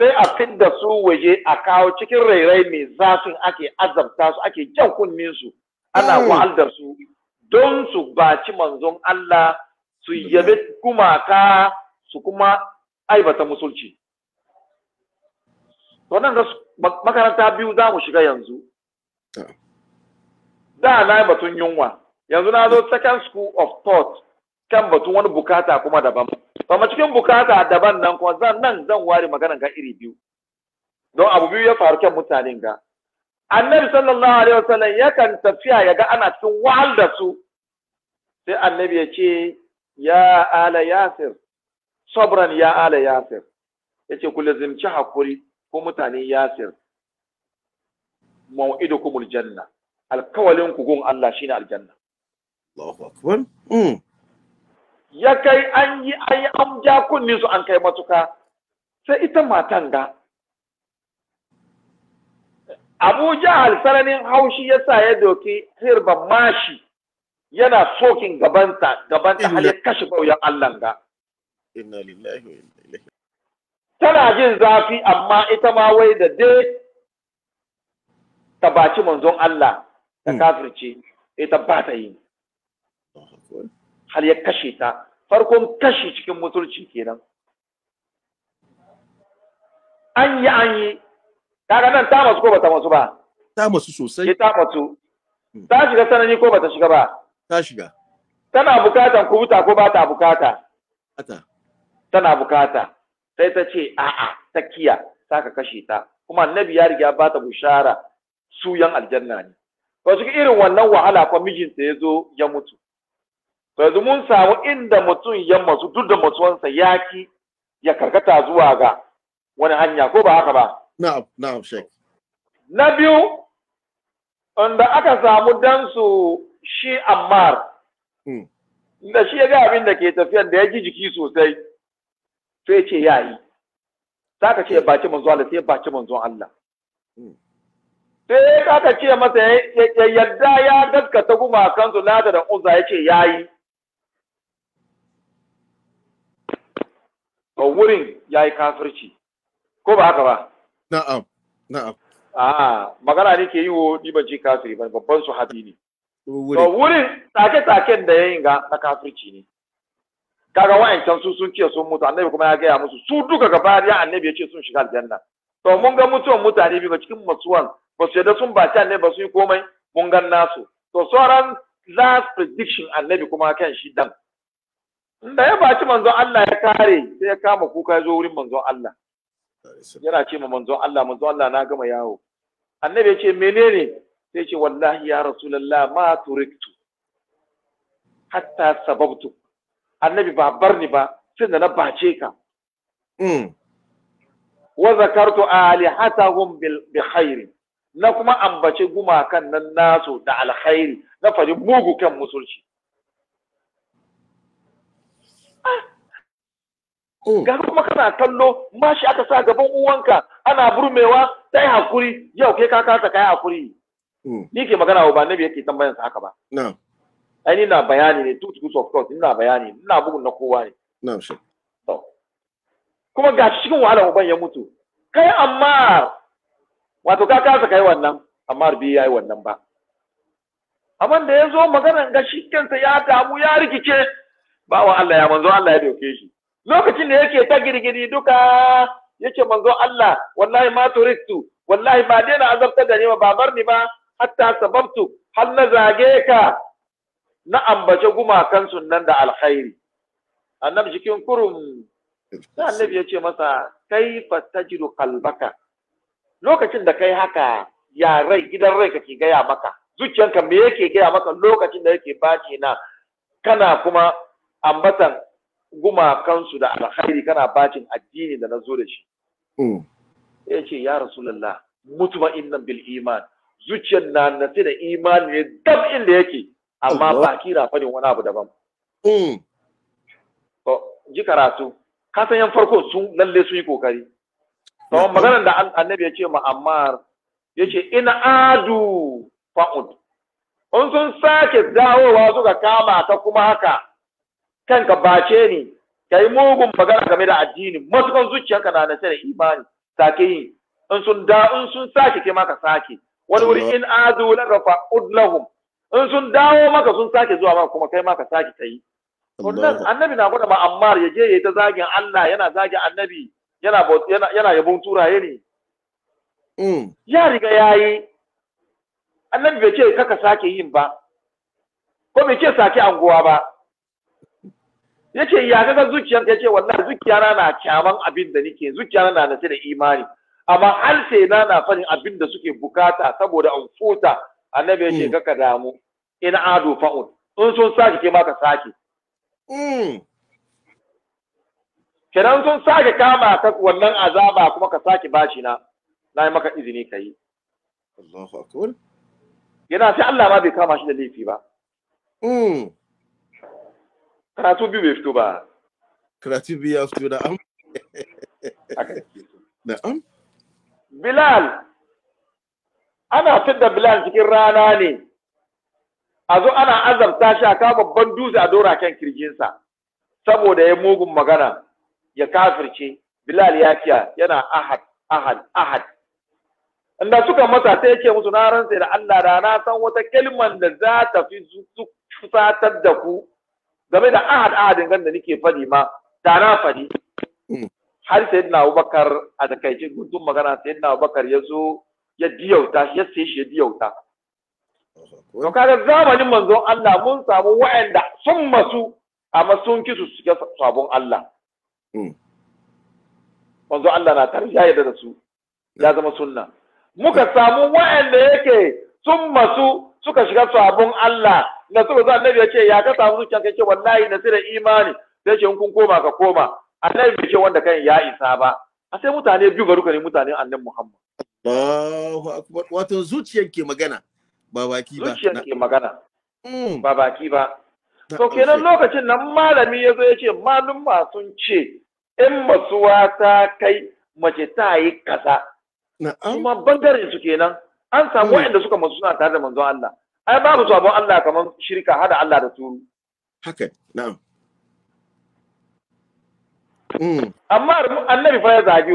B: sai a fidda su waje a kawo cikin rairai mai zafin ake azabta su ake jan su, ana mm. wa'aldar su don su baci manzon Allah su yabe gumaka su kuma aibata musulci. ga makaranta biyu za mu shiga yanzu da na yi batun yunwa yanzu na zo second school of thought kan batun wani bukata kuma daban kuma cikin bukata daban nan kuma zan nan zan ware maganan ga iri biyu don abu biyu ya faru kan mutanen ga annabi sallallahu alaihi wasallam yakan tafiya ya ga ana cikin wahal da su sai annabi ya ce ya ala yasir sabran ya ala yasir yace ku lazimci hakuri ko mutane yasir mau'idukumul janna alkawalin ku gun Allah shine aljanna Allahu
D: akbar mm.
B: ya kai an yi an an ja kunni su an kai matuka sai ita matan ga Abu Jahal sananin haushi ya sa ya doki hirban mashi yana sokin gabansa gaban ta har ya kashe bauyan Allah ga
D: inna lillahi wa inna
B: tana jin zafi amma ita ma wai da dai ta baci manzon Allah ta hmm. kafirce ita ba ta yi har ya kashe ta farkon kashi cikin musulci kenan an yi an yi kaga nan ta masu ko bata masu ba ta masu sosai ta masu hmm. ta shiga sanani ko bata shiga ba ta shiga tana bukatan kubuta ko ba ta bukata tana bukata sai ta ce a'a tsakiya za ka kashe ta kuma annabi ya riga ba ta bushara su yan aljanna ne to cikin irin wannan wahala fa mijinta ya zo ya mutu to yanzu mun samu inda mutum ya masu duk da masuwansa ya ki ya karkata zuwa ga wani hanya ko ba haka ba na'am na'am shek na biyu inda aka samu dansu shi ammar hmm. da shi ya ga abin da ke tafiyan da ya ji jiki sosai sai ce ya yi za ka ce ya baci manzo Allah sai ya baci manzo Allah hmm. sai za ka ce masa ya yadda ya gaskata su lada da uza ya ce ya yi a wurin ya yi kafirci ko ba haka ba
D: na'am na'am
B: Ah, magana ne ke yi wo ni ban ji kafiri ba babban su hadi ne wurin take saken da ya yi ga na kafirci ne kaga wa'ancan su sun ce sun mutu annabi kuma ya gaya musu su duka gaba annabi ya ce sun shiga aljanna to mun ga mutuwan mutane biyu cikin masuwan ba su yadda sun baci annabi ba su yi komai mun gan nasu to sauran last prediction annabi kuma kan shi dan da ya baci manzon Allah ya kare sai ya kama kuka ya zo wurin manzon Allah yana ce ma manzon Allah manzon Allah na gama yawo annabi ya ce menene sai ce wallahi ya rasulullah ma turiktu hatta sababtu annabi ba bar ni ba tunda na bace ka mm. wa zakartu alihatahum bil khairi na kuma ambace gumakan nan nasu da alkhairi na fari mugu kan musulci mm. ga kuma kana kallo mashi aka sa gaban uwanka ana burmewa sai hakuri yau kai ka kasa kai hakuri mm. ni ke magana ba annabi yake tambayan sa haka ba ai na bayani ne two schools of thought ina bayani ina bugun na kowa ne Na shi kuma ga cikin wahalar uban ya mutu kai amma wato ka kasa kai wannan amma bi yayi wannan ba amma da ya zo maganar ga shi kansa ya damu ya rikice ba wa Allah ya manzo Allah ya doke shi lokacin da yake ta girgiri duka yace manzo Allah wallahi ma turistu wallahi ba dena azabta da ni ba bar ni ba hatta sababtu hal na zage ka na ambace gumakansu nan da alkhairi annabi cikin kurum sai annabi ya ce masa kai fa tajidu qalbaka lokacin da kai haka ya rai gidan rai kake gaya maka zuciyanka me yake gaya maka lokacin da yake baci na kana kuma ambatan gumakansu da alkhairi kana bacin addini da na zo da shi mm. ya ce ya rasulullah mutuma innan bil iman zuciyar na nasi da imani ne dab inda yake amma ba a na faɗin wani abu daban mm. to ji karatu ka san yan farko sun lalle sun yi kokari to maganar da annabi ya ce ma ammar ya ce ina adu fa'ud in sun sake dawowa suka kama ta kuma haka kanka bace ni Ka yi mugun magana game da addini matukan zuciyarka na nace da imani sake yi in sun da in sun sake kai maka sake wani wuri in adu la fa'ud udlahum in sun dawo maka sun sake zuwa maka kuma kai maka sake ta yi wannan annabi na gwada ma ammar ya je ya ta zagin Allah yana zagin annabi yana yana yabon turaye ne
D: mm ya riga yayi
B: annabi bai ce kaka sake yin ba ko bai ce sake anguwa ba yace ya ga zuciyar zuciyarka yace wallahi zuciyana na kyaman abin da nake zuciyar na nace da imani amma har sai na na farin abin da suke bukata saboda an futa annabi ya ce mm. kaka damu in ado fa'ud. in sun sake ke maka sake mm. kenan sun sake kama ka wannan azaba kuma ka sake bashi na na yi maka izini ka yi Allahu akbar yana sai Allah ma bai kama shi da laifi ba mm. karatu biyu bai fito ba karatu biyu ya fito da am na'am Bilal ana fidda da bilal cikin rana ne a zo ana azabta shi a kawo babban dutse a dora kan kirjinsa saboda ya mugun magana ya kafirce bilal ya kiya yana ahad ahad ahad inda suka masa sai yake musu na ransa da Allah da na san wata kalmar da za ta fi fusatar da ku game da ahad ahadin gan da nake fadi ma da na fadi hmm. har na Abubakar a takaice gudun magana na Abubakar ya zo ya diyauta ya sai shi ya diyauta to kaga zamanin manzon Allah mun samu wa'anda sun masu amma sun kisu suke sabon Allah hmm. manzo Allah na tarjiya yadda da su ya zama sunna muka samu wa'anda yake sun masu suka shiga sabon Allah na suka zo annabi yace ya ka samu zuciya kake wallahi na sirrin imani sai ce kun koma ka koma annabi bai ce wanda kan ya isa ba a sai mutane biyu ga rukuni mutanen annabi Muhammad
A: Allahu akbar wato zuciyar
B: ke magana ba baki ba zuciyar ke magana mm. ba baki ba to kenan lokacin nan malami ya zo ya ce malumma sun ce in masuwa ta kai mace ta yi kasa kuma bangaren su kenan an samu mm. waɗanda suka masu suna tare da manzon Allah ai babu sabon Allah kamar shirka hada Allah da turu haka na'am amma annabi fa ya zage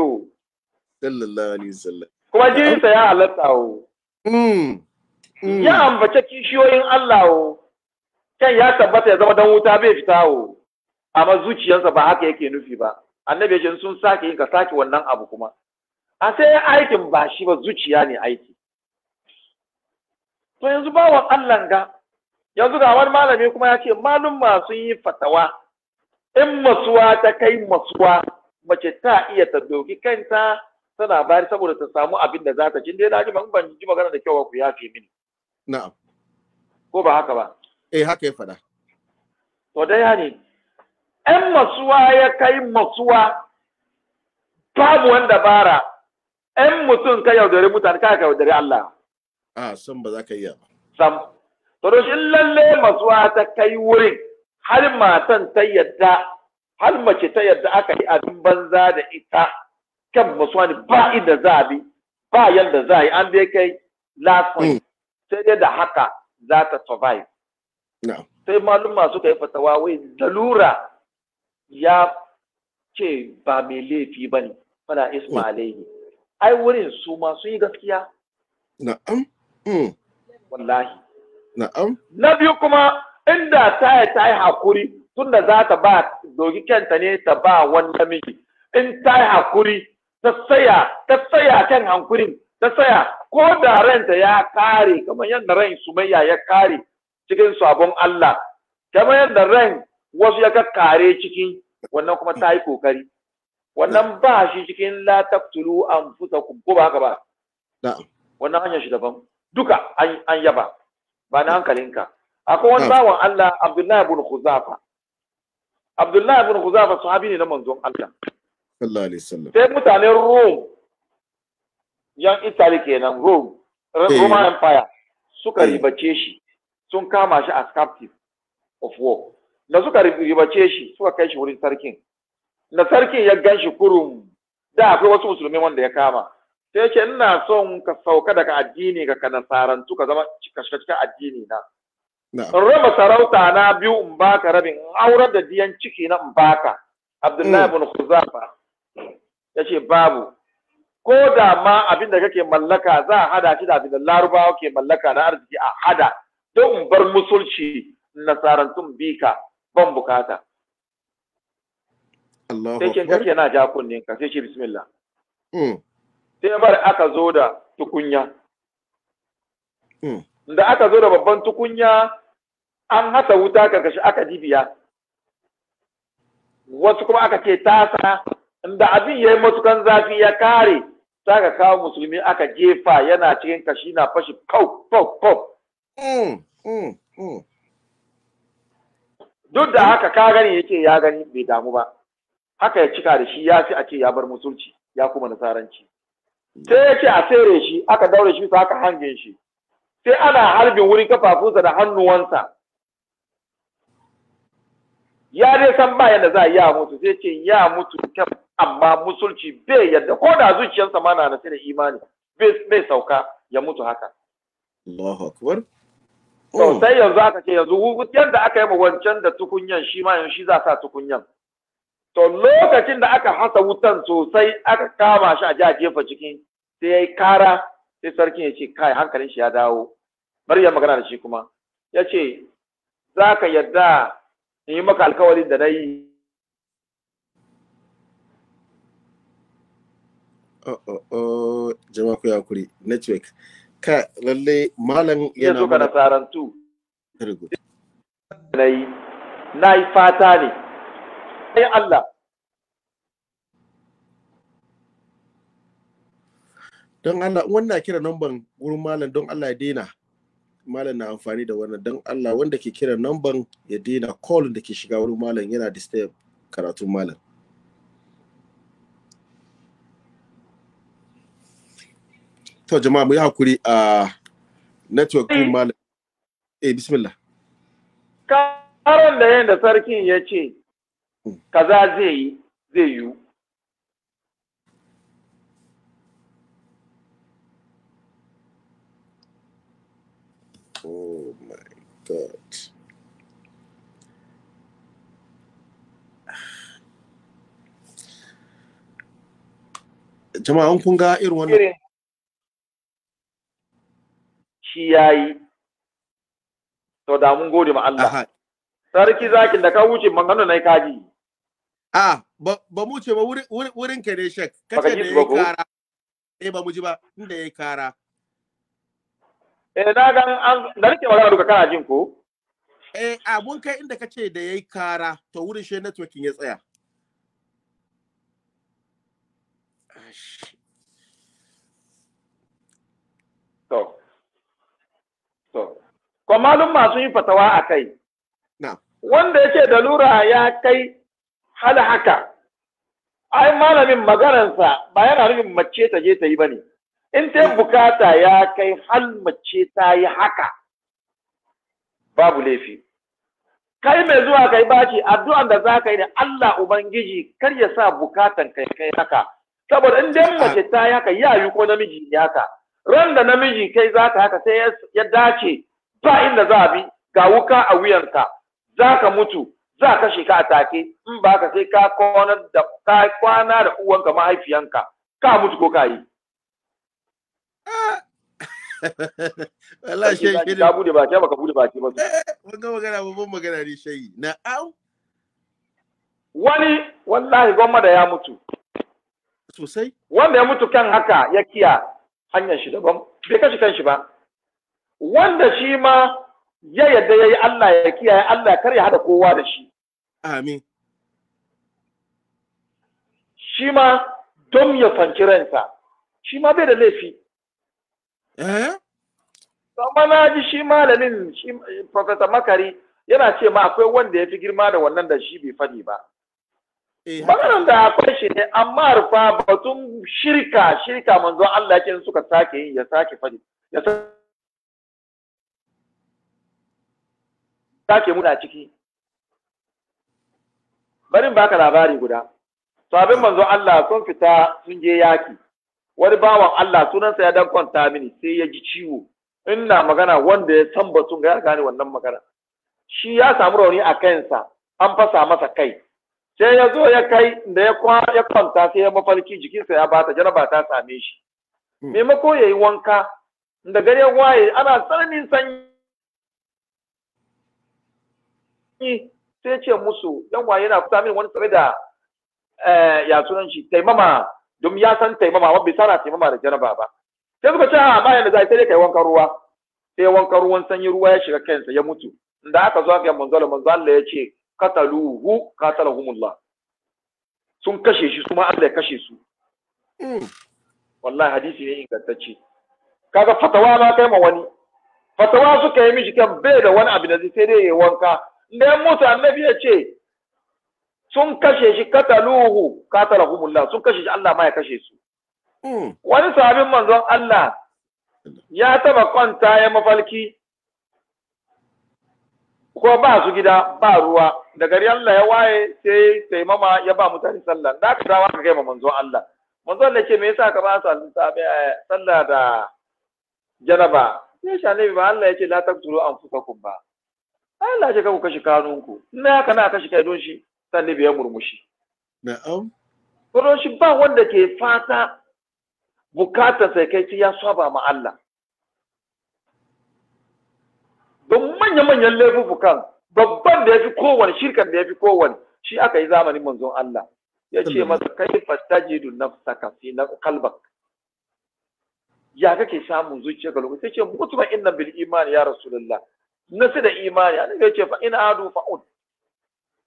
B: sallallahu alaihi wasallam kuma jinsa ya halatta wo. Hmm. Hmm. Ya ambace kishiyoyin Allah wo, kan ya tabbata ya zama dan wuta bai fita wo, amma zuciyarsa ba haka yake nufi ba. Annabi ya sun sake yin ka sake wannan abu kuma. A sai aikin ba shi ba zuciya ne aiki. To yanzu bawan Allah ga, yanzu ga wani malami kuma ya ce malum sun yi fatawa, in masuwa ta kai masuwa, mace ta iya ta doki kanta tana bayar saboda ta samu abin da za ta ci dai na ji ban ji magana da kyau ku fi mini na'am ko ba haka ba
A: eh haka ya faɗa
B: to dai yani ɗan masuwa ya kai masuwa babu wanda bara ɗan mutum ka yaudari mutane ka yaudari Allah
A: a san ba za ka iya ba
B: sam to don in lalle masuwa ta kai wurin har matan ta yadda har mace ta yadda aka yi abin banza da ita kan masu ba inda za a bi ba yadda za a yi an dai kai last point hmm. sai dai da haka za ta survive sai maluma suka yi fatawa wai dalura ya ce ba mai laifi ba ne fana isma'ilai hmm. ai wurin su ma yi gaskiya na'am hmm. wallahi na'am na biyu kuma inda ta yi ta yi hakuri tunda za ta ba dogi kenta ne ta ba wani namiji in ta yi hakuri ta tsaya ta tsaya kan hankurin ta tsaya ko da ranta ya kare kamar yadda ran sumayya ya kare cikin sabon Allah kamar yadda ran wasu ya kare ciki wannan kuma ta yi kokari wannan ba shi cikin la taqtulu anfusakum ko ba haka ba wannan hanyar shi daban duka an yaba ba na hankalinka akwai wani bawan Allah Abdullahi ibn Khuzafa Abdullahi ibn Khuzafa sahabi ne na manzon Allah
A: sai
B: mutanen rome yan italy kenan rome roman eh. empire suka eh. ribace shi sun kama shi as captive of war da suka ribace shi suka kai shi wurin sarkin da sarkin ya gan shi kurum da akwai wasu musulmi wanda ya kama sai ya ce ina son ka sauka daga addini ka ka nasarantu ka zama cikin addini na in raba sarauta na biyu in baka rabin in aurar da diyan ciki na in baka abdullahi mm. ibn khuzafa Ya ce, babu ko da ma abin da kake mallaka za a hada shi da abin da larubawa ke mallaka na arziki a hada don in bar musulci nasarantun bika ban bukata sai ke kake na ja kunnen ka sai shi bismillah mm. sai bar aka zo da tukunya mm. da aka zo da babban tukunya an hasa wuta karkashi aka dibiya wasu kuma aka ce tasa inda abin ya yi matukan zafi ya kare ta ka kawo musulmi aka jefa yana cikin kashi na fashi kau kau kau duk da haka ka gani ya ce ya gani bai damu ba haka ya cika da shi ya fi a ce ya bar musulci ya kuma nasaranci sai ya ce a tsere shi aka daure shi sa aka hange shi sai ana harbin wurin kafafunsa da hannuwansa ya dai san ba yadda za a ya mutu sai ce ya mutu kyau amma musulci bai yadda ko da zuciyarsa ma na nace da imani bai sauka ya mutu haka
D: Allahu akbar
B: to oh. sai yanzu aka ce yanzu yadda aka yi ma wancan da tukunyan shi ma yanzu shi za sa tukunyan to lokacin da aka hasa wutan sosai aka kama shi a a jefa cikin sai ya yi kara sai sarkin ya ce kai hankalin shi ya dawo bari ya magana da shi kuma ya ce za ka yarda in yi maka alkawarin da na yi
A: oh, oh, oh. jama'a ku yakuri network ka lalle malam yana zo kana
B: tarantu Na yi fata ne sai Allah
A: don Allah wannan kira namban wurin malam don Allah ya daina malam na amfani da wannan don Allah wanda ke kira namban ya daina call da ke shiga wurin malam yana disturb karatun malam to jama'a mu yi hakuri a network din eh. malam eh bismillah
B: karon da yanda sarkin ya ce hmm. kaza zai yi zai yi
D: Oh my God.
A: Jama'an kun ga irin wannan
B: shi ya yi. to da mun gode ma Allah sarki zakin da ka wuce mangano yi kaji a ba mu ce ba wurin ka ne shek
A: kace ne kara eh ba mu ji ba inda yi kara eh na ga an da nake magana duka kana jin ko eh a mun kai inda kace da yayi kara to wurin shi networking ya tsaya ah,
B: to masu yin fatawa a kai wanda yake da lura ya kai hal haka ai malamin maganarsa ba yana nufin mace ta je ta yi ba ne. in ta bukata ya kai hal mace ta yi haka babu laifi kai mai zuwa kai baci addu'an da za ka yi ne Allah Ubangiji kar ya sa bukatan kai kai haka saboda in dai mace ta yi haka ya yi ko namiji ne haka ran da namiji kai za ka haka sai ya dace ba inda za a bi ga wuka a wuyanka za ka mutu za ka shi ka take in ba ka sai ka kwana da uwanka mahaifiyanka ka mutu ko ka yi Allah shi ke ka bude baki ba ka bude baki ba
A: wannan magana babban magana ne shi na
B: au wani wallahi gwamma da ya mutu sosai wanda ya mutu kan haka ya kiya hanyar shi daban bai kashi kanshi ba wanda shi ma ya yadda ya yi Allah ya kiyaye Allah ya karya hada kowa da shi amin shi ma don ya fanci ransa shi ma bai da laifi eh amma na ji shi malamin shi professor makari yana ce ma akwai wanda ya fi girma da wannan da shi bai fadi ba Eh, maganan da akwai shi ne amma rufa batun shirka shirka manzo Allah yake suka sake yin ya sake fadi ya sake muna ciki barin baka labari guda To abin manzo Allah sun fita sun je yaki wani bawan Allah sunansa ya dan kwanta mini sai ya ji ciwo ina magana wanda ya san batun ga ya gane wannan magana shi ya samu rauni a kansa an fasa masa kai sai ya zo ya kai da ya ya kwanta sai ya mafarki jikinsa ya bata jaraba ta same shi hmm. maimako ya yi wanka da gare waye ana tsananin sanyi sai ya ce musu dan waye na kusa min wani tsare da eh, ya sunan shi taimama don ya san taimama wabbi sana taimama da jaraba ba sai suka ce ah, a bayan da za sai dai kai wanka ruwa sai wanka ruwan sanyi ruwa ya shiga kansa ya mutu da aka zo ga manzo Allah manzo Allah ya ce kataluhu qatalahumullah sun kashe shi kuma Allah ya kashe su hmm. wallahi hadisi ne ingantacce kaga fatawa ba kai ma wani fatawa suka yi mishi kan bai da wani abu da zai sai dai ya wanka da ya mutu annabi ya ce sun kashe shi kataluhu qatalahumullah sun kashe shi Allah ma ya kashe su hmm. wani sabin manzon Allah ya taba kwanta ya mafalki ko ba su gida ba ruwa da gari Allah ya waye sai taimama ya ba mutane sallah da aka dawo aka gaima manzo Allah manzo Allah ce me yasa ka ba su eh, sallah da janaba sai shi ne ba Allah yace la taqtulu anfusakum ba Allah ce ka ku kashi kanunku na haka na kashi kai don shi sannabi ya murmushi na'am don shi ba wanda ke fata bukatar sai kai ya saba ma Allah don manya-manyan laifukan babban da ya fi kowane shirkan da ya fi kowane shi aka yi zamanin manzon Allah ya ce masa kai fastajidu nafsaka fi kalbak ya kake samun zuciya ga lokaci ce mutuma inna bil imani ya rasulullah nasu da imani annabi ya ce fa in adu fa'ud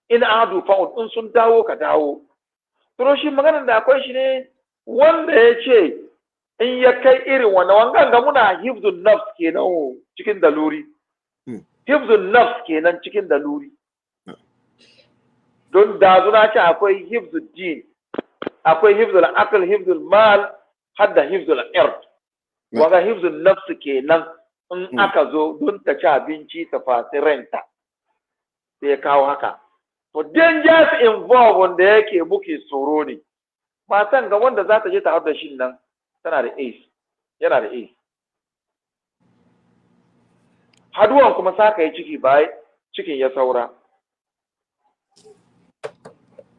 B: in adu fa'ud in sun dawo ka dawo to shi maganar da akwai shi ne wanda ya ce in ya kai irin wannan wangan ga muna hifdun nafs kenan cikin daluri hibzun nafs kenan cikin daluri don da zuna ce akwai hibzun din akwai hibzun akal hibzun mal har da hibzun ard waga hibzun nafs kenan in hmm. aka zo don ta ci abinci ta fasi renta sai kawo haka to dangers involve wanda yake buke tsoro ne ba san ga wanda za ta je ta haɗa shi nan tana da ace yana da ace haduwan kuma saka yi ciki bai cikin ya saura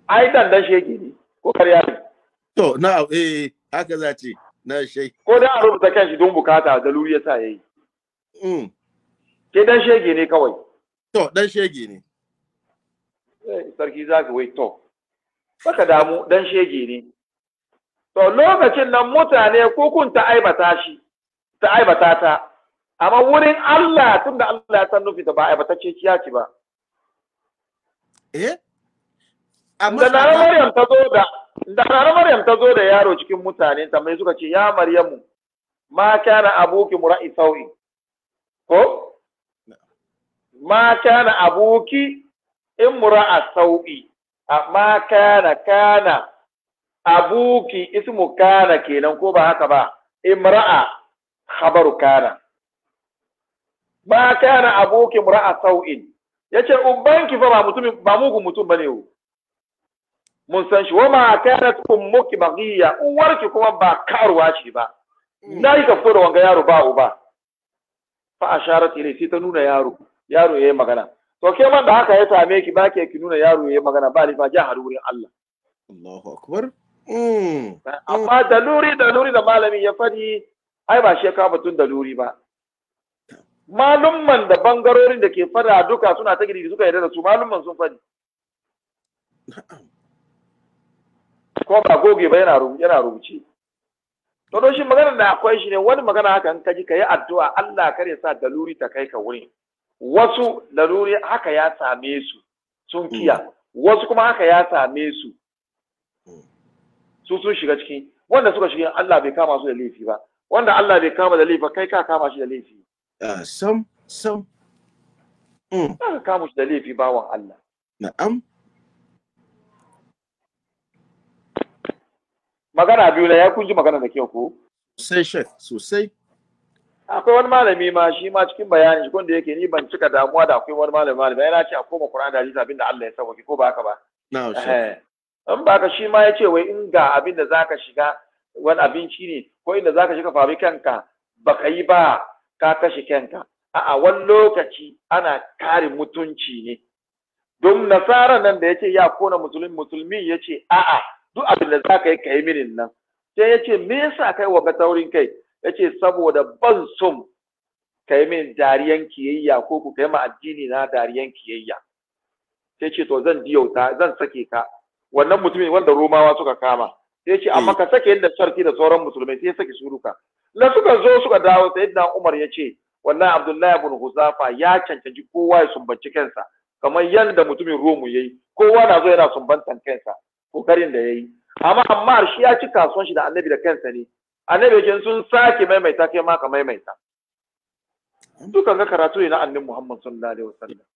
B: ai dan dan shege ne ko karya ne to na eh haka za ce na shi ko da a rubuta kanshi don bukata da luri yasa yayi mm ke dan shege ne kawai
A: to dan shege ne
B: eh, sarki zaka wai to saka damu dan shege ne to lokacin nan mutane ko ta aibata shi ta aibata ta amma wurin Allah tun da Allah ya san nufi ta ba aibatacce ciya ci ba eh Da da Maryam ta zo da da Maryam ta zo da yaro cikin mutane ta mai suka ce ya Maryamu ma kana abuki mura'i sau'i ko ma kana abuki in sau'i amma kana kana abuki ismu kana kenan ko ba haka ba imra'a khabaru kana ma kana abuki mura'a sau'in yace ubanki fa ba mutumin ba mugun mutum bane wu mun san shi wa ma kanat ummuki baghiya uwarki kuma ba karuwa ce ba mm. nayi ka fito da wanga yaro ba uba fa asharat ilai sai ta nuna yaro yaro yayi magana to ke man da haka ya same ki ba ke ki nuna yaro yayi magana ba ni lifa ja har wurin Allah Allahu akbar mm. amma daluri daluri da malami ya fadi ai ba shi ya kawo batun daluri ba malumman da bangarorin da ke fada duka suna ta gidi suka yi da su malumman sun fadi ko ba goge ba yana rubuce to don shi maganar da akwai shi ne wani magana haka in ka ji ka yi addu'a Allah kar ya sa daluri ta kai ka wurin wasu daluri haka ya same su sun kiya mm. wasu kuma haka ya same su mm. su sun shiga ciki wanda suka shiga Allah bai kama su da laifi ba wanda Allah bai kama da laifi ba kai ka kama shi da laifi
D: Eh, sam sam mm.
B: Aka kama shi da laifi bawan Allah. Na'am. Magana biyu na ya kunji magana da ke ko? Sosai shek, sosai. Akwai wani malami ma shi ma cikin bayani shi da yake ni ban cika damuwa da akwai wani malami malami yana ce a koma Qur'ani da hadisi abinda Allah ya sauke ko ba haka ba.
D: Na'am shek. Eh.
B: In ba ka shi ma ya ce wai in ga abin da zaka shiga wani abinci ne ko inda zaka shiga fabrikanka baka yi ba ka kashe kanka a'a wani lokaci ana kare mutunci ne don nasara nan da yake ya kona musulmi musulmi ya ce a'a duk abin da zaka yi kai mini nan sai yace ce me yasa kai wa ga taurin kai yace saboda ban son kai min dariyan kiyayya ko ku kai ma addini na dariyan kiyayya sai ce to zan diyauta zan sake ka wannan mutumin wanda romawa suka kama sai ce amma eh. ka sake yadda sarki da sauran musulmai sai sake suruka. duka suka zo suka dawo sai da Umar ya ce wallahi Abdullahi ibn Huzafa ya cancanci kowa ya sumbanci kansa kamar yadda mutumin Romu yi, kowa na zo yana sumbantan kansa kokarin da yayi amma amma shi ya ci kasuwan shi da Annabi da kansa ne Annabi yake sun sake maimaita kai ma ka maimaita dukan ga karatu ne na Annabi Muhammad sallallahu alaihi wasallam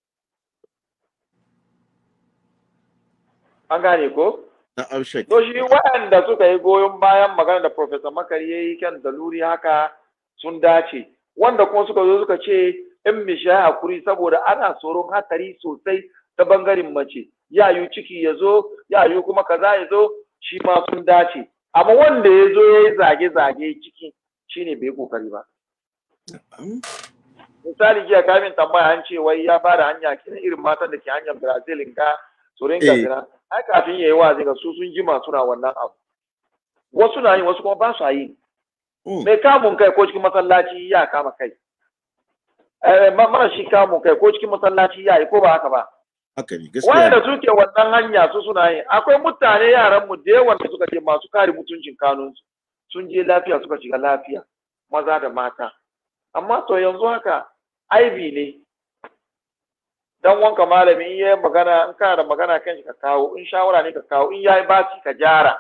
B: an gane ko na To shi waɗanda suka yi goyon bayan magana da Professor Makari ya yi kan daluri haka sun dace. Wanda kuma suka zo suka ce in mishi hakuri saboda ana tsoron hatari sosai ta bangaren mace. Ya yi ciki ya zo, ya yi kuma kaza ya zo, shi ma sun dace. Amma wanda ya zo ya yi zage-zage ciki shi ne bai kokari ba. Misali jiya kamin tambaya an ce wai ya fara hanya kiran irin matan da ke hanyar Brazil ga. su rinka eh. zina ai kafin yayi wa'azi ga su sun jima suna wannan abu wasu na yin wasu kuma ba su yi hmm. mai kamun kai ko cikin masallaci ya kama kai eh, mara shi kamun kai ko cikin masallaci ya yi ko ba haka ba haka ne gaskiya wanda suke wannan hanya su suna yi akwai mutane yaran mu da yawan da suka je masu kare mutuncin kanun sun je lafiya suka shiga lafiya maza da mata amma to yanzu haka aibi ne dan wanka malami in yayi magana in kana da magana kan shi ka kawo in shawara ne ka kawo in yayi baci ka gyara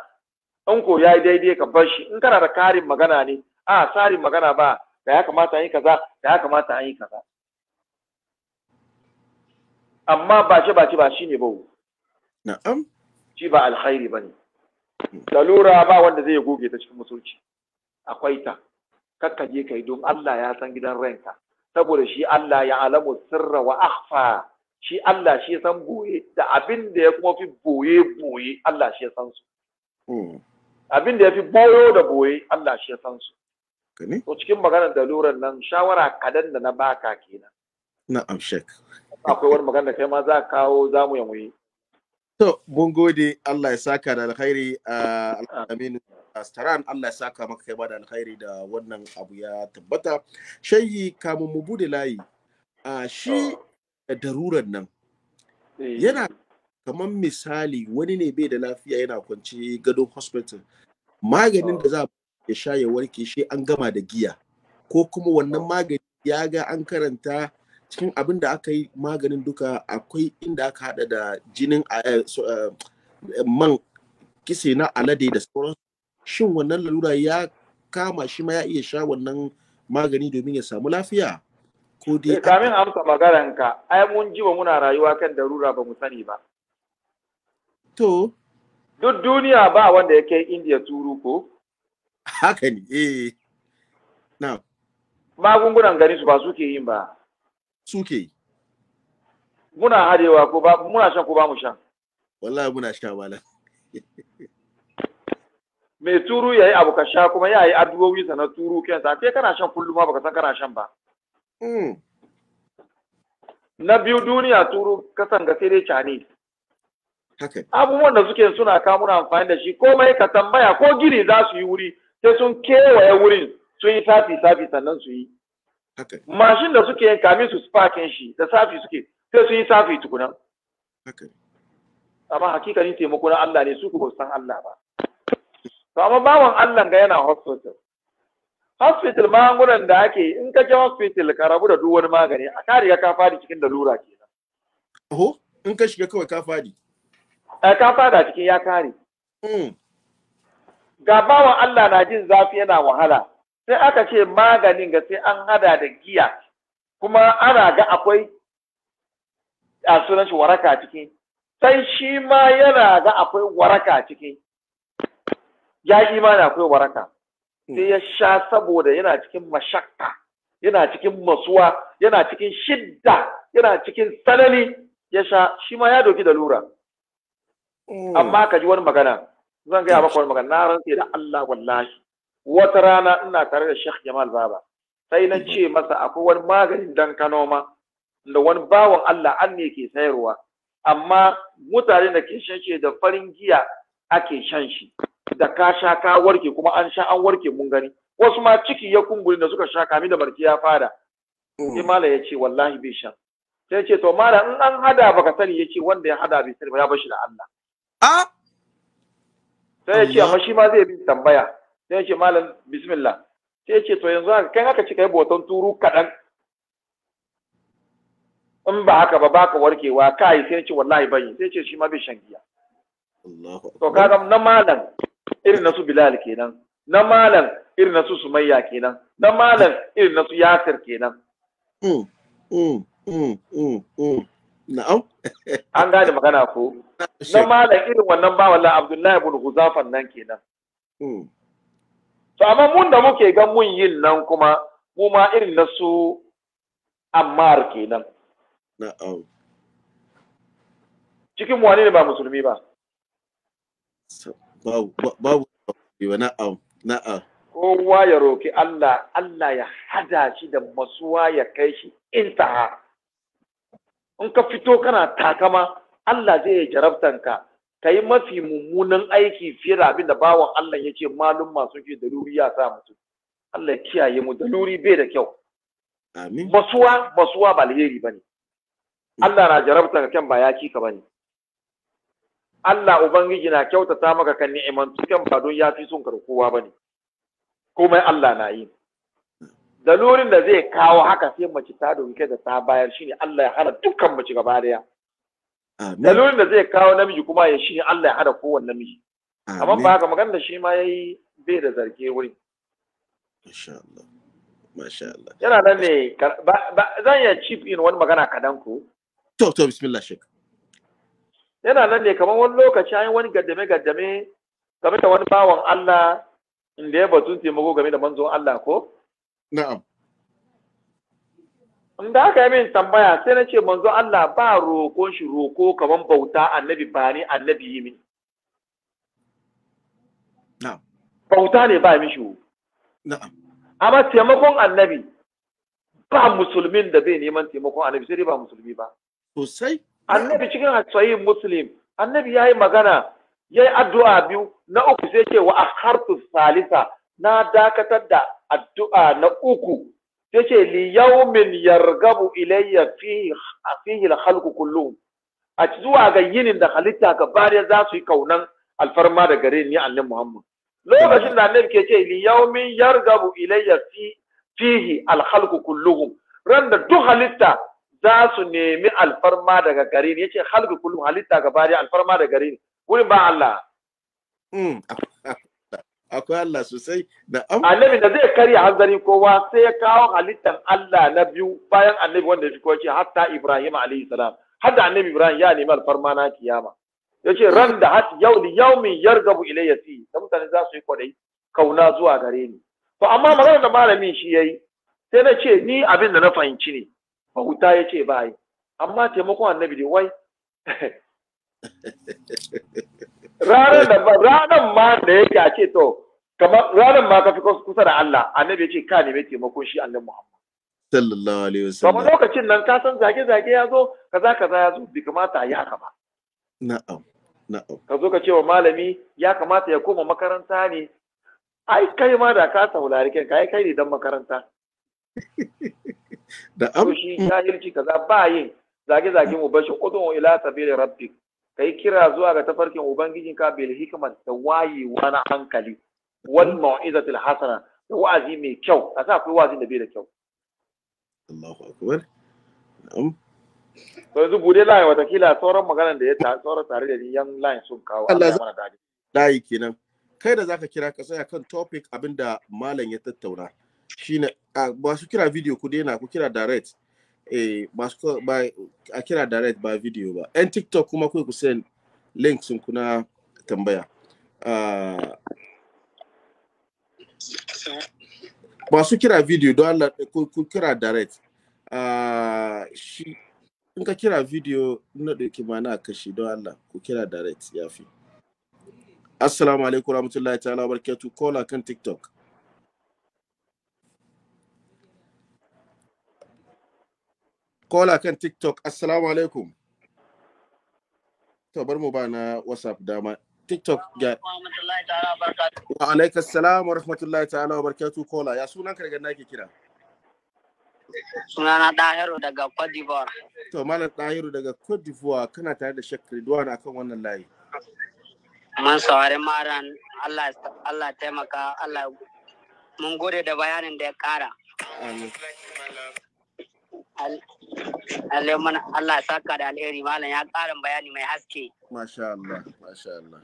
B: in ko yayi daidai ka bar shi in kana da karin magana ne a sarin magana ba da ya kamata yi kaza da ya kamata yi kaza amma bace bace ba shine ba na'am shi ba alkhairi bane lalura ba wanda zai goge ta cikin musulci akwai ta kakkaje kai don Allah ya san gidan ranka saboda shi Allah ya alamu sirra wa akhfa shi Allah shi ya san boye da abin da ya kuma fi boye boye Allah shi ya san su hmm. abin da ya fi boyo da boye Allah shi ya san su to cikin maganar da luran nan shawara kadan da na baka kenan Na amshek. akwai wani magana kai ma za kawo za mu yanwe
A: to mun gode Allah ya saka da alkhairi a ah, amin Astaran Allah ya saka maka kai ba da alkhairi da wannan abu ya tabbata. Shayi kamun mu bude layi. Ah, shi oh. da darurar nan eh. yana kamar misali wani ne bai da lafiya yana kwance gadon hospital
F: maganin da
A: za ya sha ya warke shi an gama da giya ko kuma wannan oh. magani ya ga an karanta cikin abin da aka yi maganin duka akwai inda aka hada da jinin eh, eh, man kise na alade da sauran shin wannan lalura ya kama shi ma ya iya sha wannan magani domin ya samu lafiya ko dai eh, kamin amsa magaran ka
B: ai mun ji ba muna rayuwa kan darura ba mu sani ba to duk duniya ba wanda yake indiya turu ko haka ne eh na magungunan gari su ba suke yin ba suke yi muna hadewa ko ba muna shan ko ba mu shan
A: wallahi muna sha wala
B: mai turu yayi abu ka sha kuma yayi addu'o'i sana turu kensa sai kana shan kullum ba baka san kana shan ba Hmm. na biyu duniya turu kasan ga sai dai chinese abubuwan da suke suna kamun amfani da shi komai ka tambaya ko gini za su yi wuri sai sun kewaye wurin sun yi safi safi sannan su yi mashin da suke yin kamin su spakin shi da safi suke sai sun yi safi tukunan amma hakikanin taimako na Allah ne su ku san Allah ba to amma bawan Allah ga yana hospital hospital magungunan da ake in ka je hospital ka rabu da duk wani magani a ka riga ka fadi cikin da lura nan.
A: oho in ka shiga kawai ka
B: fadi a eh, ka fada cikin ya kare hmm. ga bawan Allah na jin zafi yana wahala sai aka ce maganin ga sai an hada da giya kuma ana ga akwai a sunan shi waraka ciki sai shi ma yana ga akwai waraka ciki ya imani akwai waraka sai ya sha saboda yana cikin mashakka yana cikin masuwa yana cikin shidda yana cikin tsanani ya sha shi ma ya doki da lura mm. amma ka ji wani magana zan gaya maka wani magana na rantse da Allah wallahi wata rana ina tare da Sheikh Jamal Baba sai na ce masa akwai wani maganin dan Kano ma da wani bawan Allah an ne ke sayarwa amma mutane da ke shan shi da farin giya ake shan shi da ka sha ka warke kuma an sha an warke mun gani wasu ma ciki ya kumburi da suka sha kami da barki ya fara sai mm. mala ya ce wallahi bai sha sai ce to mala in an hada baka sani ya ce wanda ya hada bai sani ba ya bashi da Allah a sai ya ce amma shi ma zai bi tambaya sai ya ce malam bismillah sai ya ce to yanzu haka kai haka ci kai boton turu kaɗan in ba haka ba baka warkewa kai sai ya ce wallahi bai sai ya ce shi ma bai shan giya to kaga na malam irin na su Bilal kenan na malam irin na su Sumayya kenan na malam irin na su Yasir kenan
D: mm, mm, mm, na'am
B: an gane magana ko na malam irin wannan ba wallahi Abdullahi ibn Huzafan nan kenan to amma mun da muke ga mun yin nan kuma mu ma irin na su Ammar kenan na'am cikin wani ne ba musulmi ba
A: babu babu na'am
D: na'am
B: kowa ya roki Allah Allah ya hada shi da masuwa ya kai shi intaha in ka fito kana takama Allah zai jarabtan ka ka yi mafi mummunan aiki fiye da abin da bawan Allah ya ce malum masu ke da ya sa mutu Allah ya kiyaye mu da bai da kyau amin basuwa basuwa ba alheri bane mm. Allah na jarabtanka kan ba yaki ka bane Allah Ubangiji na kyautata maka kan ni'iman cikin ba don ya fi son karkuwa ba ne, komai Allah na yi. Dalurin da zai kawo haka sai mace ta domin kai da ta bayar shi ne Allah ya hana dukkan mace gaba daya. Dalurin da zai kawo namiji kuma ya shine Allah ya hana kowanne namiji. Amma ba haka magana shi ma ya yi bai da zarge wuri.
D: Masha Allah. Masha Allah.
B: Yana nan ne, zan iya chip in wani magana kadan ko?
A: To, to, bismillah, shekara.
B: yana nan ne kamar wani lokaci an yi wani gaddame gaddame game da wani bawan Allah inda ya batun taimako game da manzon Allah ko na'am inda aka yi min tambaya sai na ce manzon Allah ba roƙon shi roƙo kamar bauta annabi ba ni annabi yi min bauta ne ba mishi amma taimakon annabi ba musulmin da bai neman taimakon annabi sai dai ba musulmi ba sosai annabi cikin sahih muslim annabi ya yi magana yayi addu'a biyu na uku sai ce wa harfi salisa na dakatar da addu'a na uku sai ce li yawmin yargabu ilayya fihi fihi al a zuwa ga yinin da halitta gaba da za su yi kaunan alfarma da gare ni annabi Muhammad lokacin da annabi ke ce li yawmin yargabu ilayya fihi al kulluhum ran da duk halitta za su nemi alfarma daga gare ni yace halgu kullum halitta gaba da alfarma daga gare ni wurin ba Allah
A: hmm. akwai
B: Allah sosai da annabi da zai karya hanzari kowa sai ya kawo halittar Allah na biyu bayan annabi wanda ya kowa ce hatta Ibrahim alayhi salam hadda annabi Ibrahim ya nemi alfarma na kiyama yace ran da hat yau li yargabu ilayya fi da mutane za su yi kwadai kauna zuwa gare ni to amma maganar da malamin shi yayi sai na ce ni abin da na fahimci ne bauta ya ce ba yi amma taimakon annabi ne wai ranar da ranar ma da yake a ce to kamar ranar ma ka fi kusa da Allah annabi ya ce ka nemi taimakon shi annabi Muhammad
A: sallallahu alaihi wasallam kamar
B: lokacin nan ka san zage zage ya zo kaza kaza ya zo bi kamata a yi ba na'am na'am ka zo ka ce wa malami ya kamata ya koma makaranta ne ai kai ma da ka saulari kai ai kai ne dan makaranta
D: da
B: am shi jahilci kaza ba yin zage zage mu bashi ud'u ila sabili rabbik kai kira zuwa ga tafarkin ka bil hikmat da wayewa na hankali wal mau'izatil hasana da wa'azi mai kyau a sa akwai wa'azin da bai da kyau
D: Allahu akbar na'am
B: to yanzu bude line watakila sauran maganar da ya ta sauran tare da yan line sun kawo Allah ya mana dadi
A: dai kenan
B: kai da zaka kira ka tsaya kan
A: topic abinda malam ya tattauna shine a ba su kira video ku daina ku kira direct eh ba su ba a kira direct ba video ba en tiktok kuma ku send link sun kuna tambaya ba su kira video don Allah ku kira direct shi in ka kira video na ɗauki mana a kashi don Allah ku kira direct ya fi assalamu alaikum warahmatullahi ta'ala barakatuh kola kan tiktok kola kan tiktok assalamu alaikum to bar mu ba na whatsapp dama tiktok ga wa alaika assalam wa rahmatullahi ta'ala wa barakatu kola ya sunan karga nake kira sunana
E: dahiru daga cote d'ivoire to
A: malam dahiru daga cote d'ivoire kana tare da shek ridwan akan wannan layi
E: mun saurari maran allah allah taimaka allah mun gode da bayanin da ya kara Allah mana Allah saka da alheri malam ya karin bayani mai haske.
A: Masha Allah, masha Allah.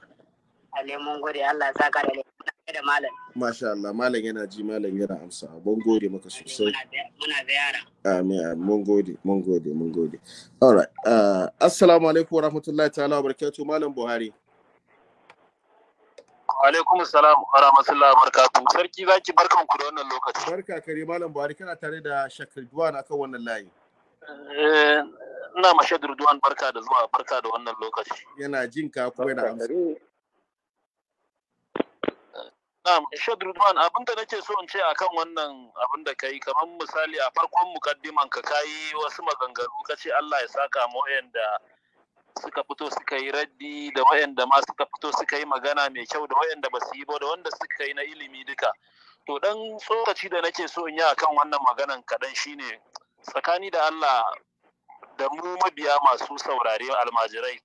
E: Allah mun gode Allah saka da alheri da malam.
A: Masha Allah, malam yana ji malam yana amsa. Mun gode maka sosai. Muna ziyara. Amin, mun gode, mun gode, mun gode. All right. Uh, assalamu alaikum wa rahmatullahi ta'ala wa barakatuh malam Buhari.
F: alaikum salam wa rahmatullahi wa barakatuh sarki zaki barkan ku da wannan lokaci
A: barka kare malam buhari kana tare da shakir duwan kan wannan layi
F: ina eh, mashe durduwan barka da zuwa barka da wannan lokaci.
A: Yana jin ka ko yana amsa. Eh,
F: mashe Shehu abin da nake so in ce akan wannan abin da kai kamar misali a farkon mukaddiman ka kayi wasu maganganu ka ce Allah ya saka mu wayanda suka fito suka yi raddi da wayanda ma suka fito suka yi magana mai kyau da wayanda ba su yi ba da wanda suka yi na ilimi duka. To dan tsokaci da nake so in yi akan wannan maganan kaɗan shine tsakani da Allah da mu mabiya masu saurare almajirai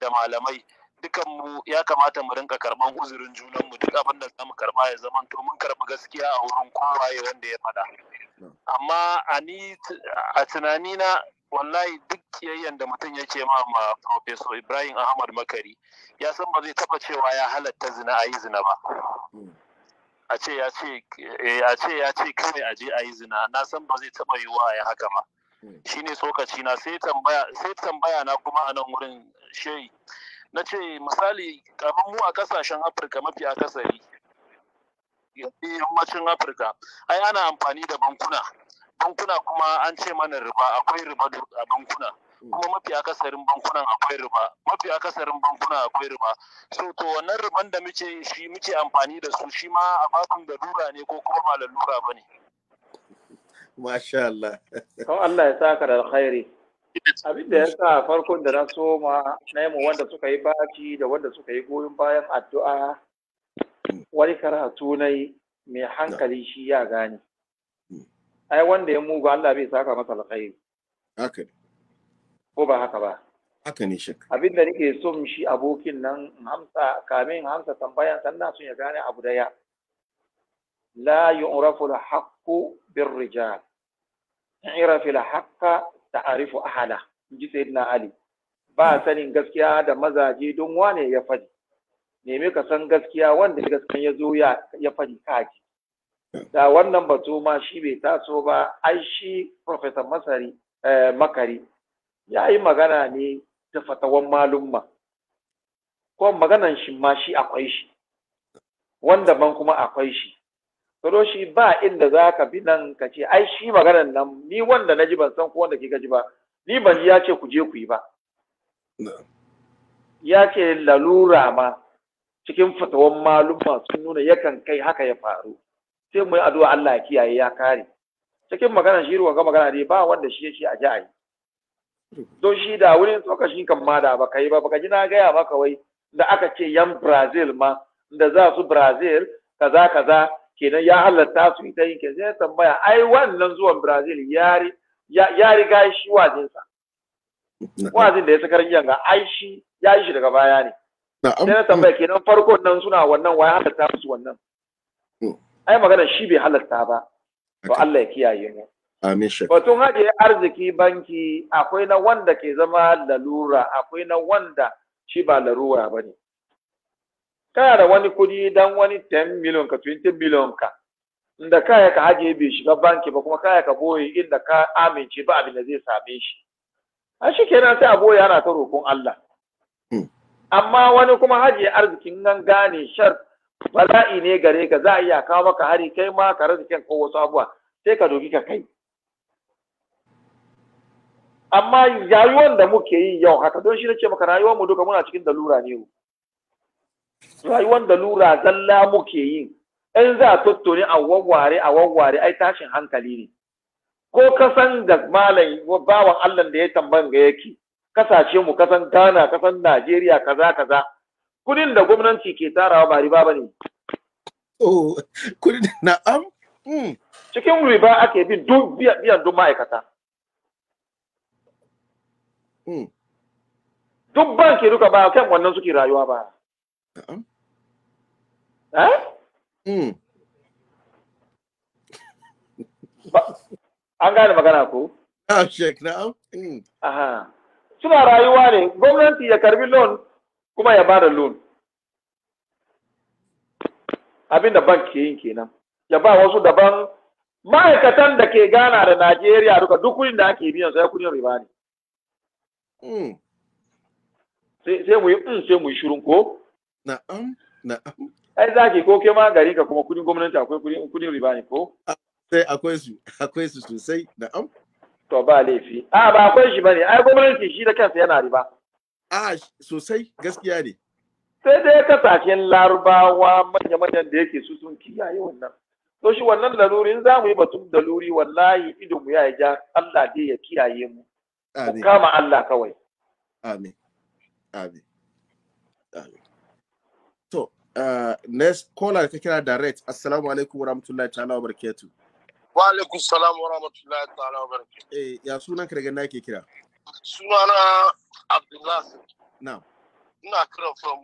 F: da malamai dukan mu ya kamata mu rinka karban uzurin junan mu duk abin da za mu karba ya zaman to mun gaskiya a wurin kowaye wanda ya faɗa amma a ni a tunani na wallahi duk kiyayyen da mutum yake ma ma professor Ibrahim Ahmad Makari ya san ba zai taba cewa ya halatta zina ayi zina ba Eh, a ce ya ce kawai a je a yi zina na san ba zai taba yiwuwa ya haka ba hmm. shine tsokaci na sai tambaya sai tambaya na kuma a nan wurin shehi na ce misali kamar mu a kasashen afirka mafi akasari yammacin afirka ai ana amfani da bankuna bankuna kuma an ce mana riba akwai riba a bankuna kuma mafi akasarin bankunan akwai riba mafi akasarin bankuna akwai riba so to wannan riban da muke shi muke amfani da su shi ma a da lalura ne ko kuma ba lura
E: ba ne masha Allah kan Allah ya saka da alkhairi
B: abin da ya sa farkon da na soma na mu wanda suka yi baki da wanda suka yi goyon bayan addu'a wani karatu yi mai hankali shi ya gane hmm. ai wanda ya mugu Allah bai saka masa alkhairi haka ne ko ba haka ba haka ne shi abin da nake son shi abokin nan hamsa kamin hamsa tambayan sannan sun ya gane abu daya la yu'rafu al-haqqu bir-rijal ira fil haqqa ta'rifu ahla inji sayyidina ali ba sanin gaskiya da mazaje don wane ya faɗi nemi ka san gaskiya wanda gaskiya ya zo ya faɗi kaji da wannan batu ma shi bai taso ba ai shi profesa eh, makari ya yi magana ne da fatawan malumma ko maganan shi ma shi akwai shi wanda ban kuma akwai shi Sado shi ba inda za ka bi nan ka ce ai shi maganan nan ni wanda na ji ban san ko wanda ke ji ba ni ban ji ya ce ku je ku yi ba ya ce lalura ma cikin fatawan malumma sun nuna yakan kai haka ya faru sai mu yi addu'a Allah ya kiyaye ya kare cikin maganar shi ruwan ga magana dai ba wanda shi ya ce a ji a yi don shi da wurin tsokashin kan ma da baka yi ba baka ji na gaya ba wai da aka ce yan brazil ma da za su brazil kaza kaza kenan ya halatta su ita yin kenan ya tambaya ai wannan zuwan brazil ya riga shi sa wazin da ya sakar ga ai shi ya yi shi daga baya ne sai na tambaya kenan farko nan suna wannan wa ya halatta su wannan mm. ai magana shi bai halatta ba to Allah ya kiyaye mu Amin Batun hajiye arziki banki akwai na wanda ke zama lalura, akwai na wanda shi ba larura ba ne. Kana da wani kudi dan wani 10 miliyon ka 20 miliyon ka, inda kaya ka hajiye bai shiga banki ba kuma kaya ka boye inda ka amince ba abinda zai same shi. A shi kenan sai a boye ana ta roƙon Allah. Hmm. Amma wani kuma hajiye arzikin nan gane shar bala'i ne gare ka za a iya kawo maka hari kai ma ka rasa ko wasu abuwa sai ka dogi ka kai. amma rayuwar da muke yi yau haka don shi na ce maka rayuwar mu duka muna cikin dalura ne mu. rayuwar dalura zalla muke yi in za a a wawware a wawware ai tashin hankali ne ko kasan da malam bawan Allah da ya tamban ga yake kasashe mu kasan Ghana kasan Najeriya kaza kaza kudin da gwamnati ke tarawa ba riba bane oh kudin na'am hmm. cikin riba ake bin duk biyan duk ma'aikata Hmm. duk banki duka ba kan wannan suke rayuwa ba eh? hmm. an gane magana ko ah, hmm. Aha. suna rayuwa ne gwamnati ya karbi loan kuma ya bada loan abin da banki ke yin kenan ya ba wasu daban ma'aikatan da ke gana da najeriya duka duk kudin da ake biyan sai kudin riba ne Mm. sai mu yi sai mu mm, yi shirin ko na'am na'am ai zaki ko ke ma gari ka kuma kudin gwamnati akwai kudin kudin riba ne ko ah, sai akwai su akwai su sosai na'am to ba laifi a ah, ba akwai shi bane ai gwamnati shi da kansa yana riba a ah, sosai gaskiya ne sai dai kasashen larubawa manya-manyan da yake su sun kiyaye wannan to shi wannan lalurin za mu yi batun da luri wallahi idonmu mu ya ja Allah dai ya kiyaye mu Amin. Kama Allah kawai.
A: Amin. Amin. Amin. To, uh, next caller ka kira direct. Assalamu alaikum wa rahmatullahi ta'ala wa barakatu. Wa alaikum salam wa rahmatullahi ta'ala wa barakatu. Eh, ya sunan ka daga ke kira? Sunana Abdullahi. Na'am. Ina kira from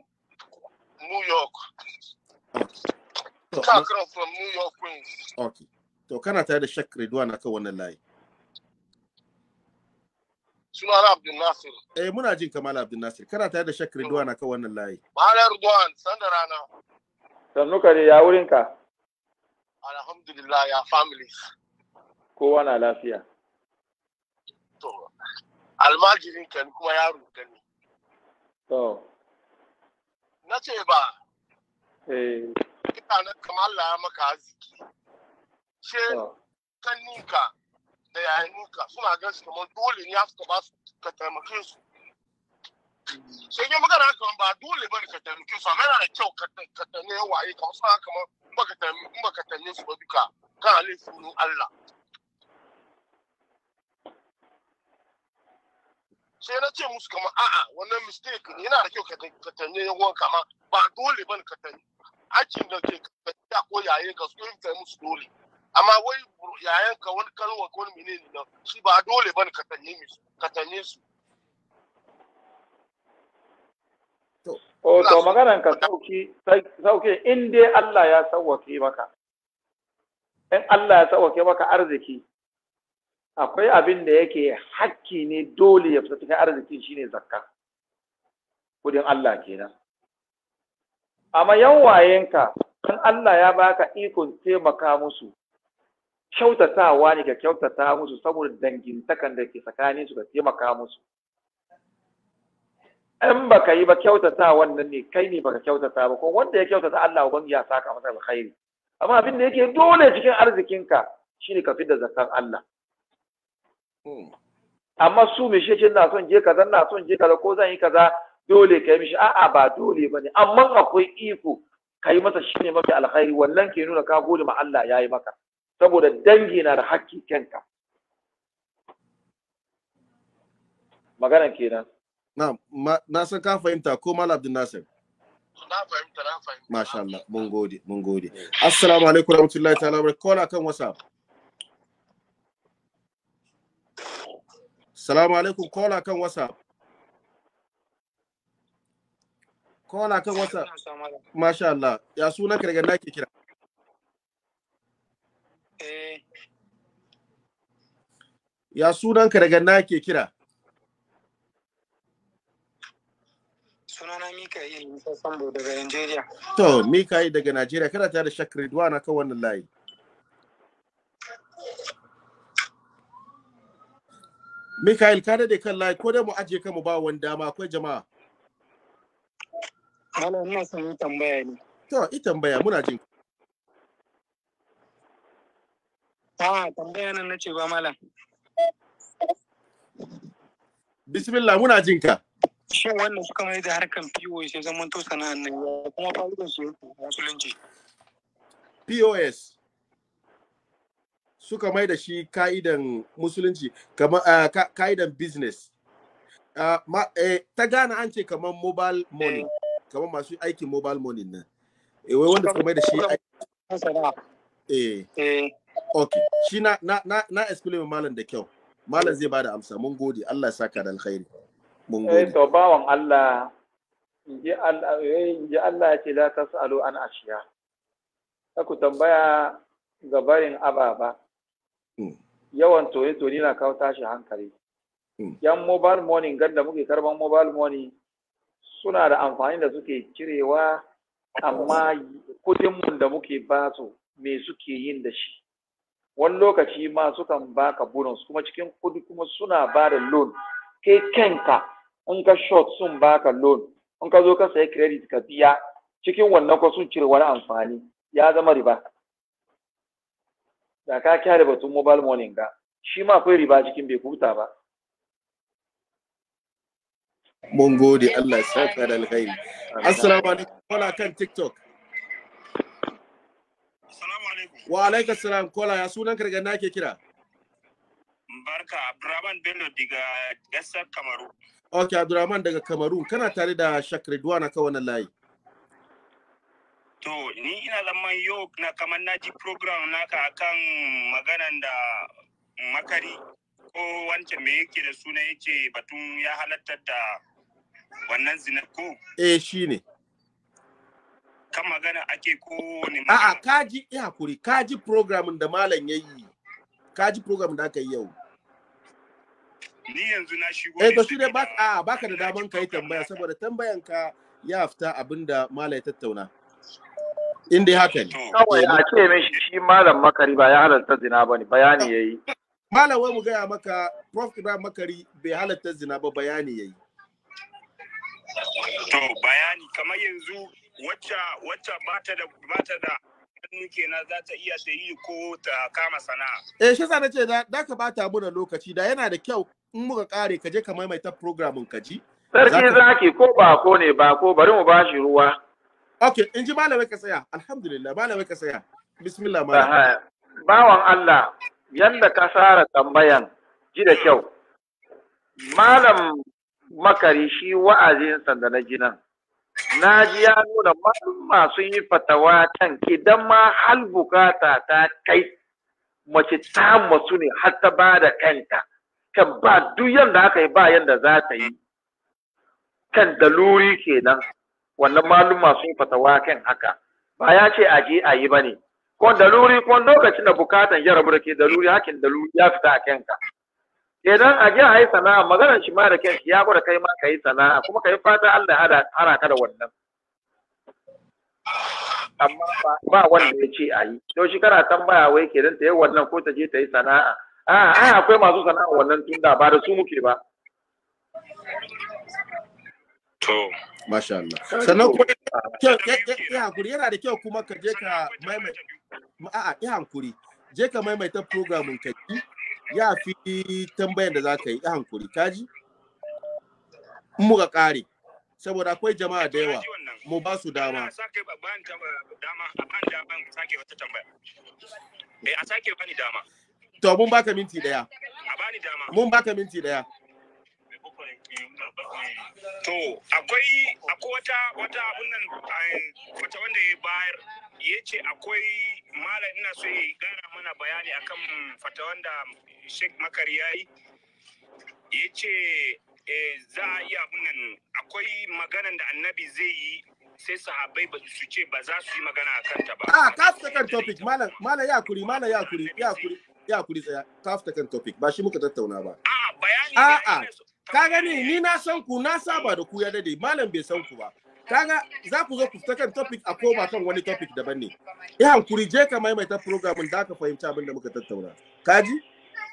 A: New York. Ah. Okay. Ina kira
D: from New York Queens.
A: Okay. To kana tare da Shek Redwan akan wannan layi.
B: sunana Abdul Nasir.
A: Eh muna jin Kamal Abdul Nasir. Kana tare da Shak
B: na kan wannan layi. Malam Ridwan san da rana. Sannu kare ya wurin ka?
A: Alhamdulillah ya family.
B: Kowa na lafiya. To almajirin ka kuma yaro ka
F: To. Na ce ba. Eh. Kana nan kamar Allah maka aziki. Ce kan ninka da nuka
E: suna gan su kamar dole ne su ba su ka taimake su sai yi magana kamar ba dole ba ne ka taimake su amma yana da kyau ka taimake waye kamar suna kamar in ba ka su ba duka kana laifin Allah sai na ce musu kamar a'a wannan mistake ne yana da kyau ka tanye yawan kama ba dole ba ka tanye aikin da ke ka ko yaye ka su ta musu dole amma wai yayan ka wani kalwa ko wani menene nan shi ba dole bane ka tanye su ka tanye su
B: o to oh, maganan ka sauki sauki in dai Allah ya sauwake maka in Allah ya sauwake maka arziki akwai abin da yake hakki ne dole ya fita cikin arzikin shine zakka kudin Allah kenan amma yawayenka in Allah ya baka ikon taimaka musu kyautatawa ne ka kyautata musu saboda dangintakan da ke tsakaninsu ka taimaka musu in baka yi ba kyautata wannan ne kai ne baka kyautata ba ko wanda ya kyautata Allah ubangi ya saka masa alkhairi amma abin da yake dole cikin arzikinka shine ka fidda zakar Allah hmm. amma su me shi na son je kaza na son je kaza ko zan yi kaza dole ka yi mishi a'a ba dole ba ne. amma akwai iko ka yi masa shine mafi alkhairi wannan ke nuna ka gode ma Allah ya yi maka saboda dangi na da hakki kenka. magana kenan
A: na na san ka fahimta ko mal abdul nasir
E: na fahimta na fahimta
A: masha Allah mun gode mun gode assalamu alaikum warahmatullahi ta'ala wa kola kan whatsapp Assalamu alaikum kola kan WhatsApp. Kola kan WhatsApp. Masha Allah. Ya sunan ka daga nake kira. Ya sunan ka daga na ke kira?
E: Sunana Mikael Musa Sambo daga Najeriya.
A: To, Mikael daga Najeriya, kana tare da Shak Ridwana kan wannan layi. Mikael, ka dade kan layi, ko da mu aje ka mu ba wani dama akwai jama'a. Malam, ina son yi tambaya ne. To, yi tambaya, muna jin ka.
E: A tambaya nan na ce ba malam.
A: Bismillah muna jin ka.
E: Shin wannan suka mai da harkan POS ya zama to sana'an nan kuma fa'idan su musulunci.
A: POS suka mai da shi ka'idan musulunci kamar eh, ka'idan business. Ah, eh, ta gana an ce kamar mobile money kamar masu aikin mobile money nan. Eh wai wanda suka mai da shi aikin. Eh. eh. Ok, shi na na na na explain malam da kyau malam zai bada amsa mun gode Allah ya saka da alkhairi mun eh, gode eh
B: to bawan Allah inji Allah eh, inji Allah ya ce la tasalu an ashiya ku tambaya gabarin ababa hmm. yawan tone-tone na kawo tashi hankali. Hmm. Yan mobile money ganda muke karban mobile money suna da amfani da suke cirewa amma kudin mun da muke ba su me suke yin da shi. wani lokaci ma sukan baka bonus kuma cikin kudi kuma suna ba da loan kai kanka in ka short sun baka loan in ka zo ka sayi credit ka biya cikin wannan ko sun cire wani amfani ya zama riba da ka kyare batun mobile money ga shi ma akwai riba cikin bai kuta ba
A: mun gode Allah ya saka da alkhairi assalamu alaikum kana kan tiktok Wa alaika salam kola ya sunan karga na ke kira.
E: Barka Abdurrahman Bello daga gasar Kamaru.
A: Ok Abdurrahman daga Kamaru kana tare da Shak na ka wannan layi. To ni ina
E: zaman yau na kamar na ji program naka akan maganan da makari ko wancan me yake da suna yake batun ya halartar da wannan zina ko?
A: Eh shine. ne.
E: kan magana ake ko ne ma a kaji
A: ya hakuri kaji program da malam ya yi kaji program da aka yi yau.
E: Ni yanzu na shigo. Eh to
A: shi ne ba a baka da daman kai tambaya saboda tambayan ka ya fita abinda malam ya tattauna. In dai haka ne. Kawai a ce min shi malam makari
B: ba ya halarta zina ba ne bayani ya yi.
A: Malam wai mu gaya maka Prof Ibrahim Makari bai halarta zina ba bayani ya yi.
E: To bayani kamar yanzu wacce bata da bata da hannu kenan za ta iya sayi ko ta kama sana'a
A: eh shi na nace da da ka bata ta da lokaci da yana da kyau in muka kare ka je ka maimaita programin ka ji sarki zaki ko ba ko ne ba ko bari mu bashi ruwa okay in ji malamai ka saya alhamdulillah malamai ka saya
B: bismillah malam bawan Allah yanda ka sara tambayan ji da kyau malam makari shi wa'azinsa da na ji nan na ji ya nuna masu sun yi fatawa kan idan ma hal bukata ta kai mace ta masu ne har ta ba da kanta kan ba duk yadda aka yi ba yadda za ta yi kan daluri kenan wannan maluma sun yi fatawa kan haka ba ya ce a je a yi ba ne ko daluri ko lokacin da bukatan yara rabu da ke daluri hakin daluri ya fita a kanka idan a je a yi sana'a maganar shi ma da kai ya gwada kai ma ka yi sana'a kuma ka yi fata Allah hada hara ka da wannan amma ba wanda ya ce a yi to shi kana tambaya wai ke ta yi wannan ko ta je ta yi sana'a a ai akwai masu sana'a wannan tun da ba da su muke ba to
A: masha Allah sannan ko ya hankuri yana da kyau kuma ka je ka maimaita a'a ya hankuri je ka maimaita programin ka ya fi tambayar da za ka yi hankuri kaji mu ga kare saboda akwai jama'a da yawa mu ba su dama a sake bani dama to mun baka minti daya mun baka minti daya
F: to akwai akwai wata wata abun nan wata eh, wanda ya bayar ya ce akwai
E: malam ina so ya gara mana bayani akan fata wanda sheik makar ya yi ya ce eh,
F: za a iya abun nan akwai maganan da annabi zai yi sai sahabai ba su ce ba za su yi magana a kanta ba.
B: a ah, ka ta kan topic,
A: malam, malam ya kuri, malam ya kuri, ya kuri, ya kuri tsaya, ka ta kan topic, ba shi muka tattauna ba. a ah, bayani. Ah, ah. ka gani ni na san ku na saba da ku ya dade malam bai san ku ba kaga za ku zo ku fita kan topic a koma kan wani topic daban ne ya hankuri je ka maimaita programin da ka fahimci abin da muka tattauna kaji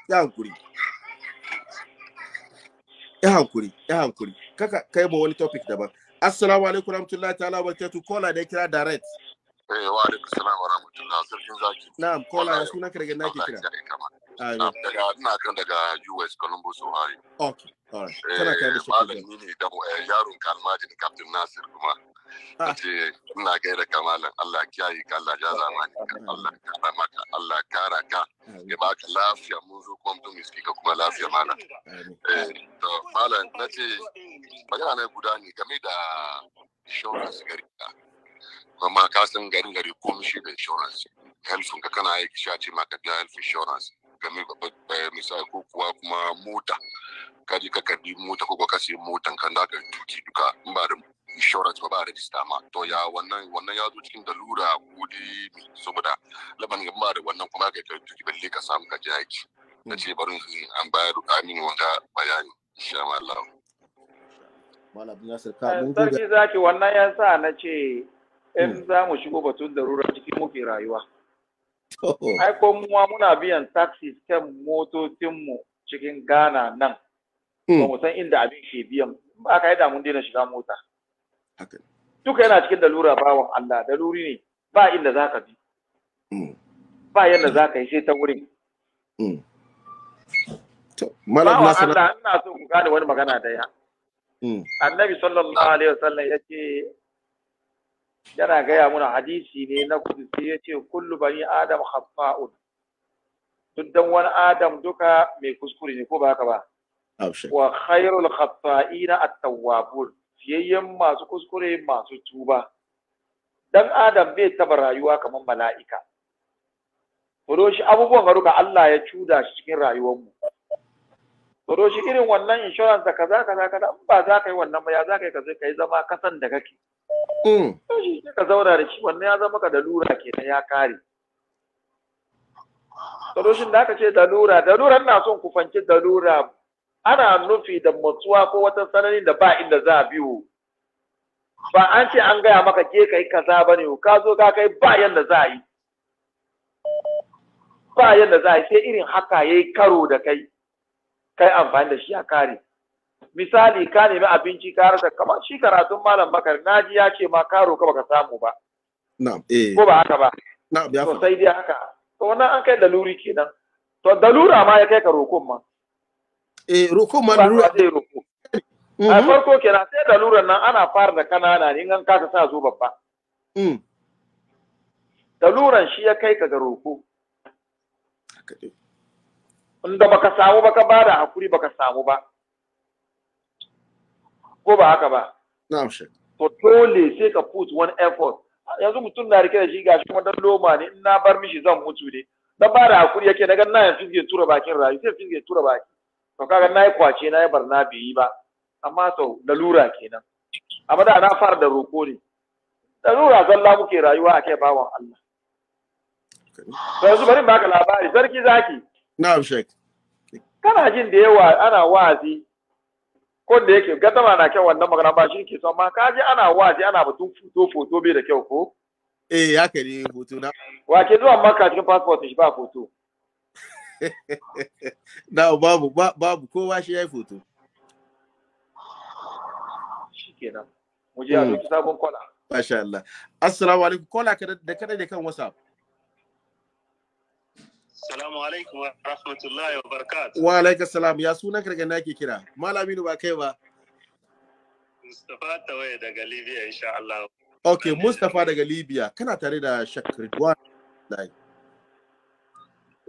A: ya hankuri ya hankuri ya hankuri kaka kai ba wani topic daban assalamu alaikum warahmatullahi ta'ala barakatuh kola da kira direct
F: eh wa alaikum assalam wa rahmatullahi sarkin zaki na'am kola ya sunan kare daga nake kira amin daga ina kan daga US Columbus Ohio
D: okay Eh,
A: malami
F: ne da eh, yaron kalmajin captain nasir kuma na ah. ce ina gaira ka malam allah kiyaye ka allah ja zamani ka allah kara maka allah kara ka ya baka lafiya mun zo kuma mutum iski ka kuma lafiya malam eh, to malam na ce magana na guda ne game da insurance gari kuma ka san gari gari komai shi da insurance health ka kana aiki shi a ce maka da health insurance game misali ko kuwa kuma mota kaji ka karbi mota ko kasi sayi motan kan da tuki duka in ba da insurance ba ba register ma to ya wannan wannan ya zo cikin da lura kudi saboda laban ba da wannan kuma ka kai tuki balle ka samu ka je na ce barin an bayar amin wanda bayani insha Allah
A: Malam ya ka eh, mun gode zaki
B: wannan ya sa na ce in hmm. za mu shigo batun darura cikin muke rayuwa oh. ai ko muwa muna biyan taxi kan motocinmu cikin Ghana nan Mm. ba mu san inda abin ke biyan ba ka yi damun daina shiga mota duka yana cikin lura bawan Allah daluri ne ba inda za ka bi mm. ba yadda za ka yi sai ta wurin mm. bawan Allah ina so ku gane wani magana daya Annabi sallallahu alaihi wasallam ce yana gaya muna hadisi ne na kudusi ya ce kullu bani adam haffa'un duk dan wani adam duka mai kuskure ne ko ba haka ba wa khairul khata'ina at-tawwabun fiyayyen masu kuskure masu tuba dan adam bai taba rayuwa kamar mala'ika Tsoro shi abubuwan garuka Allah ya cuda shi cikin mu Tsoro shi irin wannan insurance da kaza kaza kaza in ba za ka yi wannan ba ya za ka yi ka kai ka zama kasan da kake.
D: Shi mm.
B: ka zauna da shi wannan ya zama ka da lura ke ya kare. Tsoro shi da aka ce da lura, da lura na son ku fanci da lura ana nufi da matsuwa ko wata sanani da ba inda za a biyu ba an ce an gaya maka je ka yi kaza ba ne ka zo ka kai ba yanda za a yi ba yanda za a yi sai irin haka ya yi karo da kai kai amfani da shi a kare misali ka nemi abinci ka rasa kamar shi karatun malam bakar naji ya ce ma karo ka baka samu ba eh. ko ba haka ba Sosai sai dai haka to wannan an kai daluri kenan to lura ma ya kai ka roƙon ma eh roko ma lura zai roko a farko kenan sai da luran nan ana fara da kanana ne an kasa sa zo babba mm. da luran shi ya kai ka ga roko inda baka samu baka ba da hakuri baka samu ba ko ba haka ba
A: na'am shi to
B: dole sai ka put one effort yanzu mutum na rike da shi gashi kuma dan loma ne in na bar mishi zan mutu ne dan ba da hakuri yake daga nan yanzu zai tura bakin rayu sai zai tura baki to kaga na yi kwace na yi barna bai yi ba amma to lalura kenan amma da na fara da roƙo ne lalura zalla muke rayuwa a kai bawan Allah to yanzu bari baka labari sarki zaki na'am sheik kana jin da yawa ana wazi ko da yake gatama na kyau wannan magana ba shi ke son ma kaji ana wazi ana batun foto foto bai da kyau ko eh haka ne hoto na wa ke zuwa makka cikin passport shi ba foto
A: na babu babu kowa shi ya yi foto hmm. masha Allah da kada da kan whatsapp
F: wa rahmatullahi wa
A: ya sunan karga nake kira. Malami ba kai ba.
F: Mustapha daga Libya insha Allah.
A: Kana tare da Shakir Like.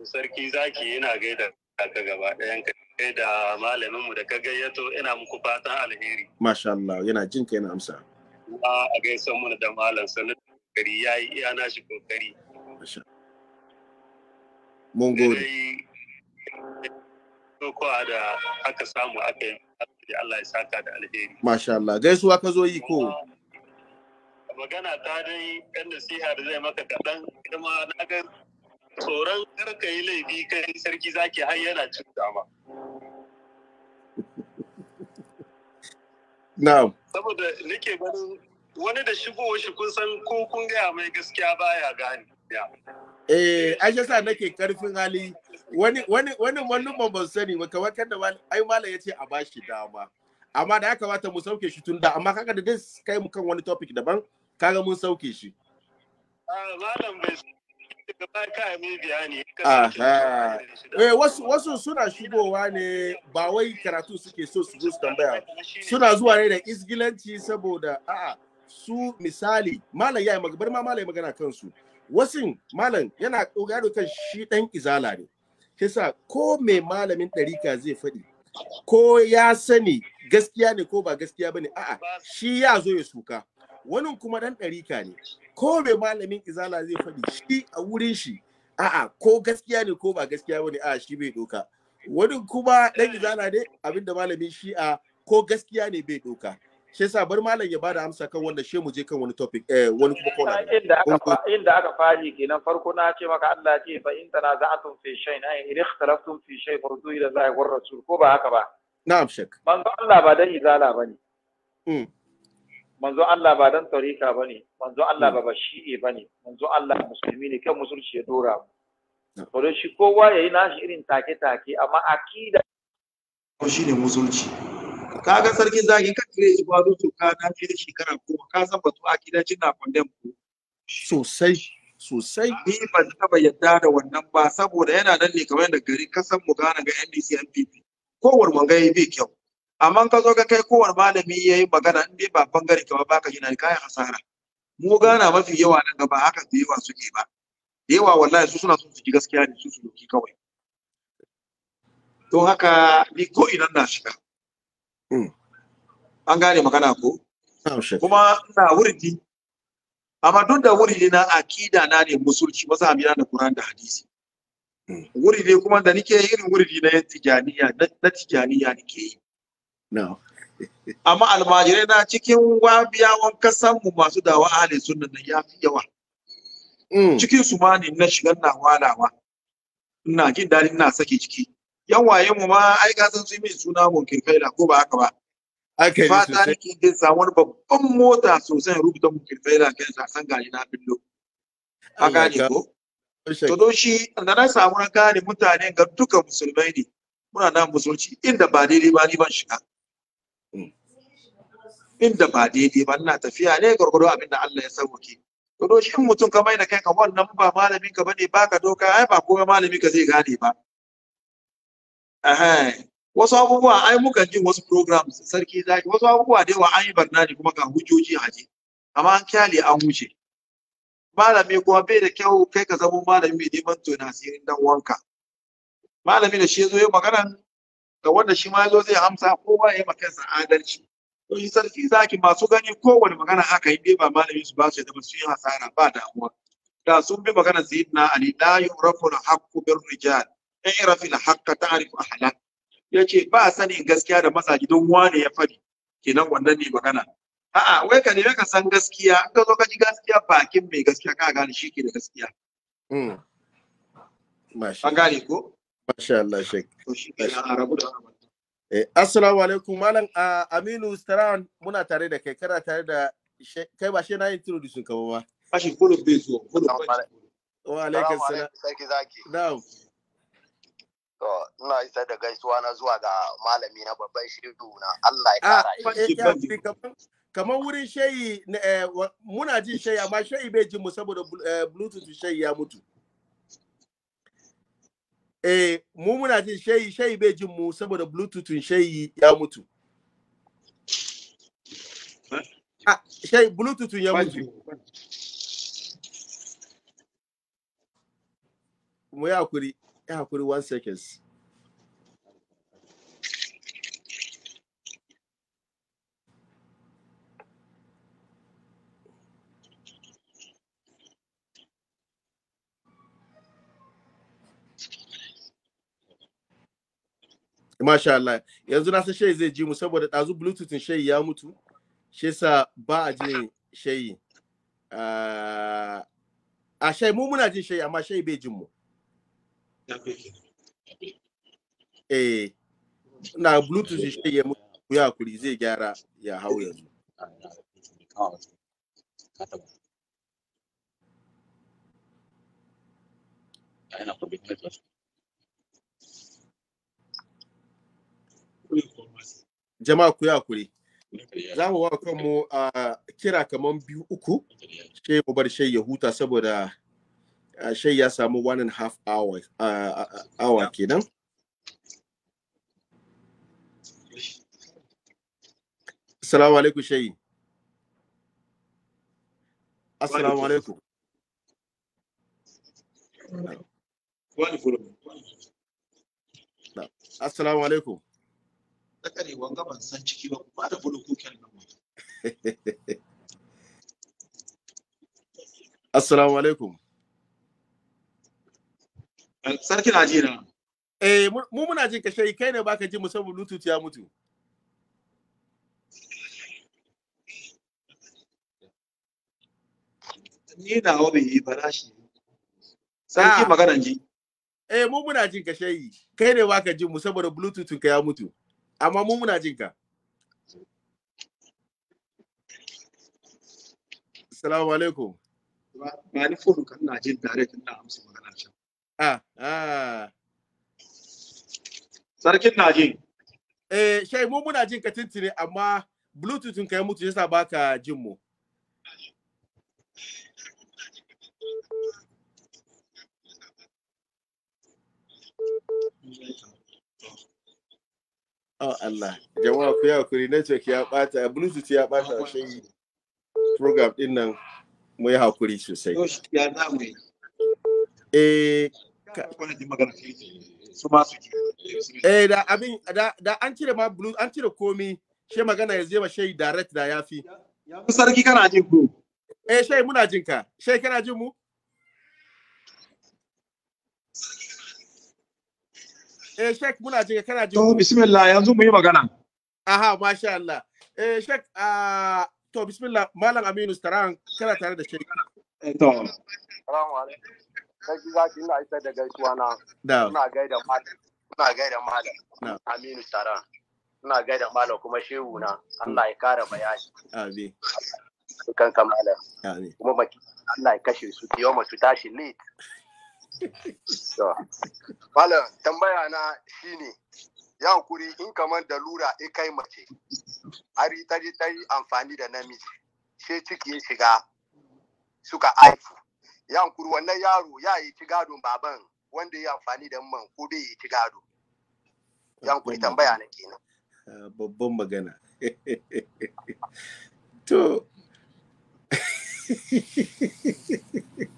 F: sarki zaki yana gaida ka gaba ɗayan ka da malaminmu da ka gayyato ina muku fatan alheri.
A: Masha Allah yana jin ka yana amsa.
F: Kuma a gaisa mana da malam sanu kokari ya yi iya shi kokari.
A: Masha. Mun gode.
F: Kokowa da aka samu aka yi Allah ya saka da
A: alheri. Masha Allah gaisuwa ka zo yi ko.
F: Magana ta dai ɗan nasiha da zai maka kaɗan, ita ma na ga tsoron kar ka yi laifi kai sarki zaki har yana cin dama na'am saboda nake ganin wani da shigo shi kun san ko kun gaya mai gaskiya baya gani.
A: eh ai yasa nake karfin hali wani wani wani ban sani ba kamar kan da ai malam yace a bashi dama amma da ya kamata mu sauke shi tun da amma kaga da dai kai mu kan wani topic daban kaga mun sauke shi
F: ah, malam bai
A: Aha. wasu suna shigowa ne ba wai karatu suke so su zo su tambaya. Suna zuwa ne da isgilanci saboda a'a su misali malam yi magabar ma malam magana kansu. Wasin malam yana dogaro kan shi ɗan izala ne. Kisa ko mai malamin ɗarika zai faɗi ko ya sani gaskiya ne ko ba gaskiya ba ne? a'a shi ya zo ya suka. wani kuma dan ɗarika ne ko bai malamin izala zai faɗi shi a wurin shi a'a ko gaskiya ne ko ba gaskiya bane a'a shi bai doka wani kuma dan izala ne abinda malamin shi a ko gaskiya ne bai doka shi yasa bar malam ya bada amsa kan wanda shi mu je kan wani topic eh wani kuma kona inda aka
B: inda aka fadi kenan farko na ce maka Allah ce fa in tanaza'atum fi shay'in ay in ikhtalaftum fi shay'in fardu ila za'i war rasul ko ba haka ba na'am shek manzo Allah ba dan izala bane mm manzo Allah ba dan tarika bane manzo Allah hmm. ba bashi'i bane manzo Allah musulmi ne kan musulci ya dora mu hmm. to shi kowa yayi nashi irin take take amma akida
C: ko shine musulci
B: kaga sarki zaki ka kire shi ba dutu ka na fi shekara kuma ka san batu akida na condemn ku
C: sosai
B: sosai ni ban taba yadda da wannan ba saboda yana nan ne kamar da gari kasan mu gana ga NDC MPP kowar mun ga bai kyau amma ka zo ka kai kowar malami ya yi magana in dai ba bangare ka ba baka jina da kayan hasara mu gana mafi yawa nan gaba haka da yawa suke ba da yawa wallahi su suna son su ji gaskiya ne su su doki kawai To haka ni ko idan na shiga hmm. an gane magana ko kuma ina wurdi amma duk da wurdi na akida na ne musulci maza amina da Qur'an da hadisi hmm. wurdi kuma da nike irin wurdi na tijaniya na tijaniya nike yi no amma almajirai na cikin wabiyawan kasan mu masu dawa ahli suna nan ya fi yawa mm. cikin su ma ne na shigar na walawa ina jin daɗi ina sake ciki yan waye mu ma ai ka san su min suna mun kirkaila ko ba haka ba fata ne jin sa wani babban mota sosai rubuta mun kirkaila kan sa san gari na billo a ne ko to don shi da na samu na gane mutane ga duka musulmai ne muna nan musulci inda ba daidai ba ni ban shiga inda ba daidai ba ina tafiya ne gwargwado abin da Allah ya sauke to do shin mutum ka mai da ka wannan ba malamin ka bane baka doka ai ba kuma malamin ka zai gane ba eh wasu abubuwa ai muka jin wasu programs sarki zaki wasu abubuwa da yawa an yi ne, kuma ka hujoji haje amma an kyale an wuce malami kuma bai da kyau kai ka zama malami mai neman to na asirin dan wanka malami da shi ya zo ya magana da wanda shi ma ya zo zai amsa kowa ya yi makansa adalci to shi sarki zaki masu gani kowane magana aka yi ba malami su ba su da su hasara ba damuwa da sun bi magana sayyidina ali la yurafu al-haqqu bir rijal in irafi al-haqqa ta'rifu ahla yace ba sanin gaskiya da masaji don wane ya fadi kenan wannan ne magana a'a wai ka ne ka san gaskiya an ka zo ka ji gaskiya bakin mai gaskiya ka gane shi ke da gaskiya
D: hmm.
A: an gane ko mashallah shek to shi ke
B: a rabu da
A: Eh, assalamu alaikum malam uh, Aminu Staran muna tare da kai kana tare da kai ba shi na introduce ka ba ba. shi kulu bai zo kulu bai. Wa alaikum salam.
E: zaki. Na'am. To ina isa da gaisuwa na zuwa ga malami na babban shirdu na Allah ya ah, kara shi.
A: Eh, Kamar wurin shayi eh, muna jin shayi amma shayi bai jin mu saboda eh, bluetooth shayi ya mutu. eh mu muna jin shayi shayi bai jin mu saboda bluetooth shayi ya mutu ah shayi bluetooth ya mutu mu ya hakuri ya hakuri one seconds Masha Allah. Yanzu na san Shai zai ji mu saboda ɗazu Bluetooth shayi ya mutu. Shi sa ba a jin Shai. Ah, a Shai mu muna jin shayi amma shayi bai jin mu. Eh. Na Bluetooth Shai ya mutu ya kuri zai gyara ya hau yanzu. Ana kuma jama'a ku ya kure za mu wa mu a kira kamar biyu uku sai mu bar shai ya huta saboda shai ya samu one and half hour hour kenan Assalamu alaikum shai Assalamu alaikum. Assalamu alaikum.
B: ta karewan gaban san ciki ba ba da bulu kuken nan mutum
A: assalamu alaikum
D: eh, sarki najeriya
A: eh mu muna jin ka shai kai ne baka ji mu saboda bluetooth ya mutu ni na wa bai yi farashi sarki ah. magana ji eh mu muna jin ka shayi kai ne baka ji mu saboda bluetooth ka ya mutu amma mu muna jin ka salamu alaikum ba ni fulu kan na jin tare direct na amsa magana can ah ah sarkin na jin eh shai mu muna jin ka tintire amma bluetooth ka ya mutu yasa baka jin mu Thank you. Oh Allah. Jama'a ku ya kuri network ya bata, Bluetooth ya bata shi program din nan mu yi hakuri sosai. Ya za mu yi. Eh Eh da abin da an cire ma blue an cire komi she magana ya zama, ma direct da yafi. Ya sarki kana jin ku. Eh shei muna jin ka. Shei kana jin mu? eh sheikh muna jin kana jin to bismillah
B: yanzu mu yi magana
A: aha masha Allah eh sheikh a ah, to bismillah malam Aminu Staran kana tare da shek eh, to
B: assalamu
E: alaikum sarki zaki ina isar da gaisuwa na ina gaida malam ina gaida malam Aminu Staran ina gaida malam kuma shehu na Allah ya kara bayani amin kan kamala kuma Allah ya kashe su yau su tashi late Malam tambaya na shine ya hukuri in kamar da lura in kai mace ari ta ta yi amfani da namiji sai ciki ya shiga suka aiki ya hukuri wannan yaro ya yi ci gado baban wanda ya amfani da man ko bai yi ci gado ya hukuri tambaya na kenan
A: ah, babban magana to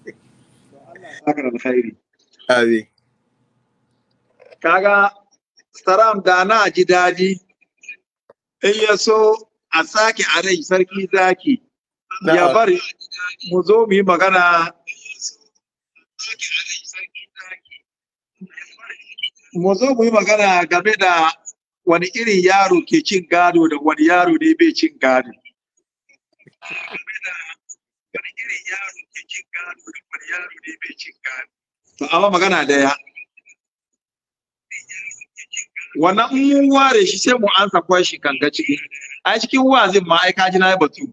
B: kaga saram da na ji dadi in ya so a sake a rai sarki zaki ya bari mu zo mu yi magana game da wani irin yaro ke cin gado da wani yaro ne bai cin gado.
C: yaro ne mai cin gado amma magana ɗaya. wannan in mun ware shi sai mu ansa kwai shi kanga ciki Ai cikin wazin ma ai kaji na batu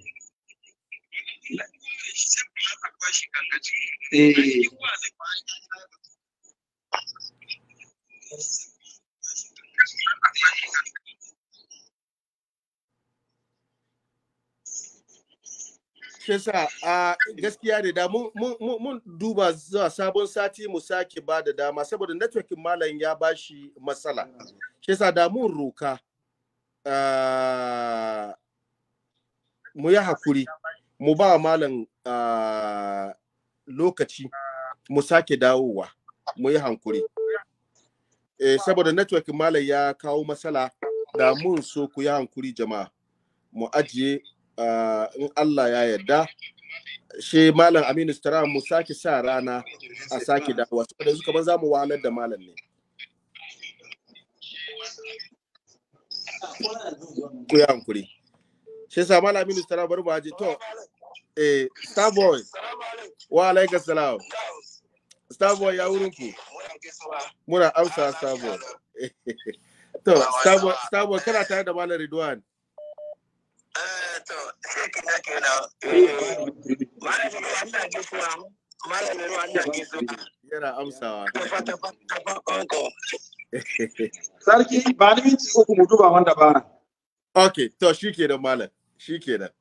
C: eh
A: shi a gaskiya da damu mun duba zuwa sabon sati mu sake ba da dama saboda networking malam ya ba shi matsala shi sa da mun roka mu yi hakuri mu ba malam lokaci mu sake dawowa mu yi hankuri eh, saboda networking malam ya kawo matsala da mun so ku yi hankuri jama'a mu ajiye Ah, in Allah ya yarda she malam Aminu tara mu sake sa rana a sake dawowa saboda yanzu kamar zamu wahalar da malam ne ku ya hankuri shi yasa malam Aminu tara bar ba je to eh Starboy wa alaikum salam Starboy ya wurin ku muna amsa Starboy to Starboy kana tare da malam Ridwan eh
D: to sai ki na kina malamin ruwa na gisuwa malamin ruwa na gisuwa yana
A: amsawa sarki ba ni minti uku mu duba wanda ba na ok to shikenan malam shikenan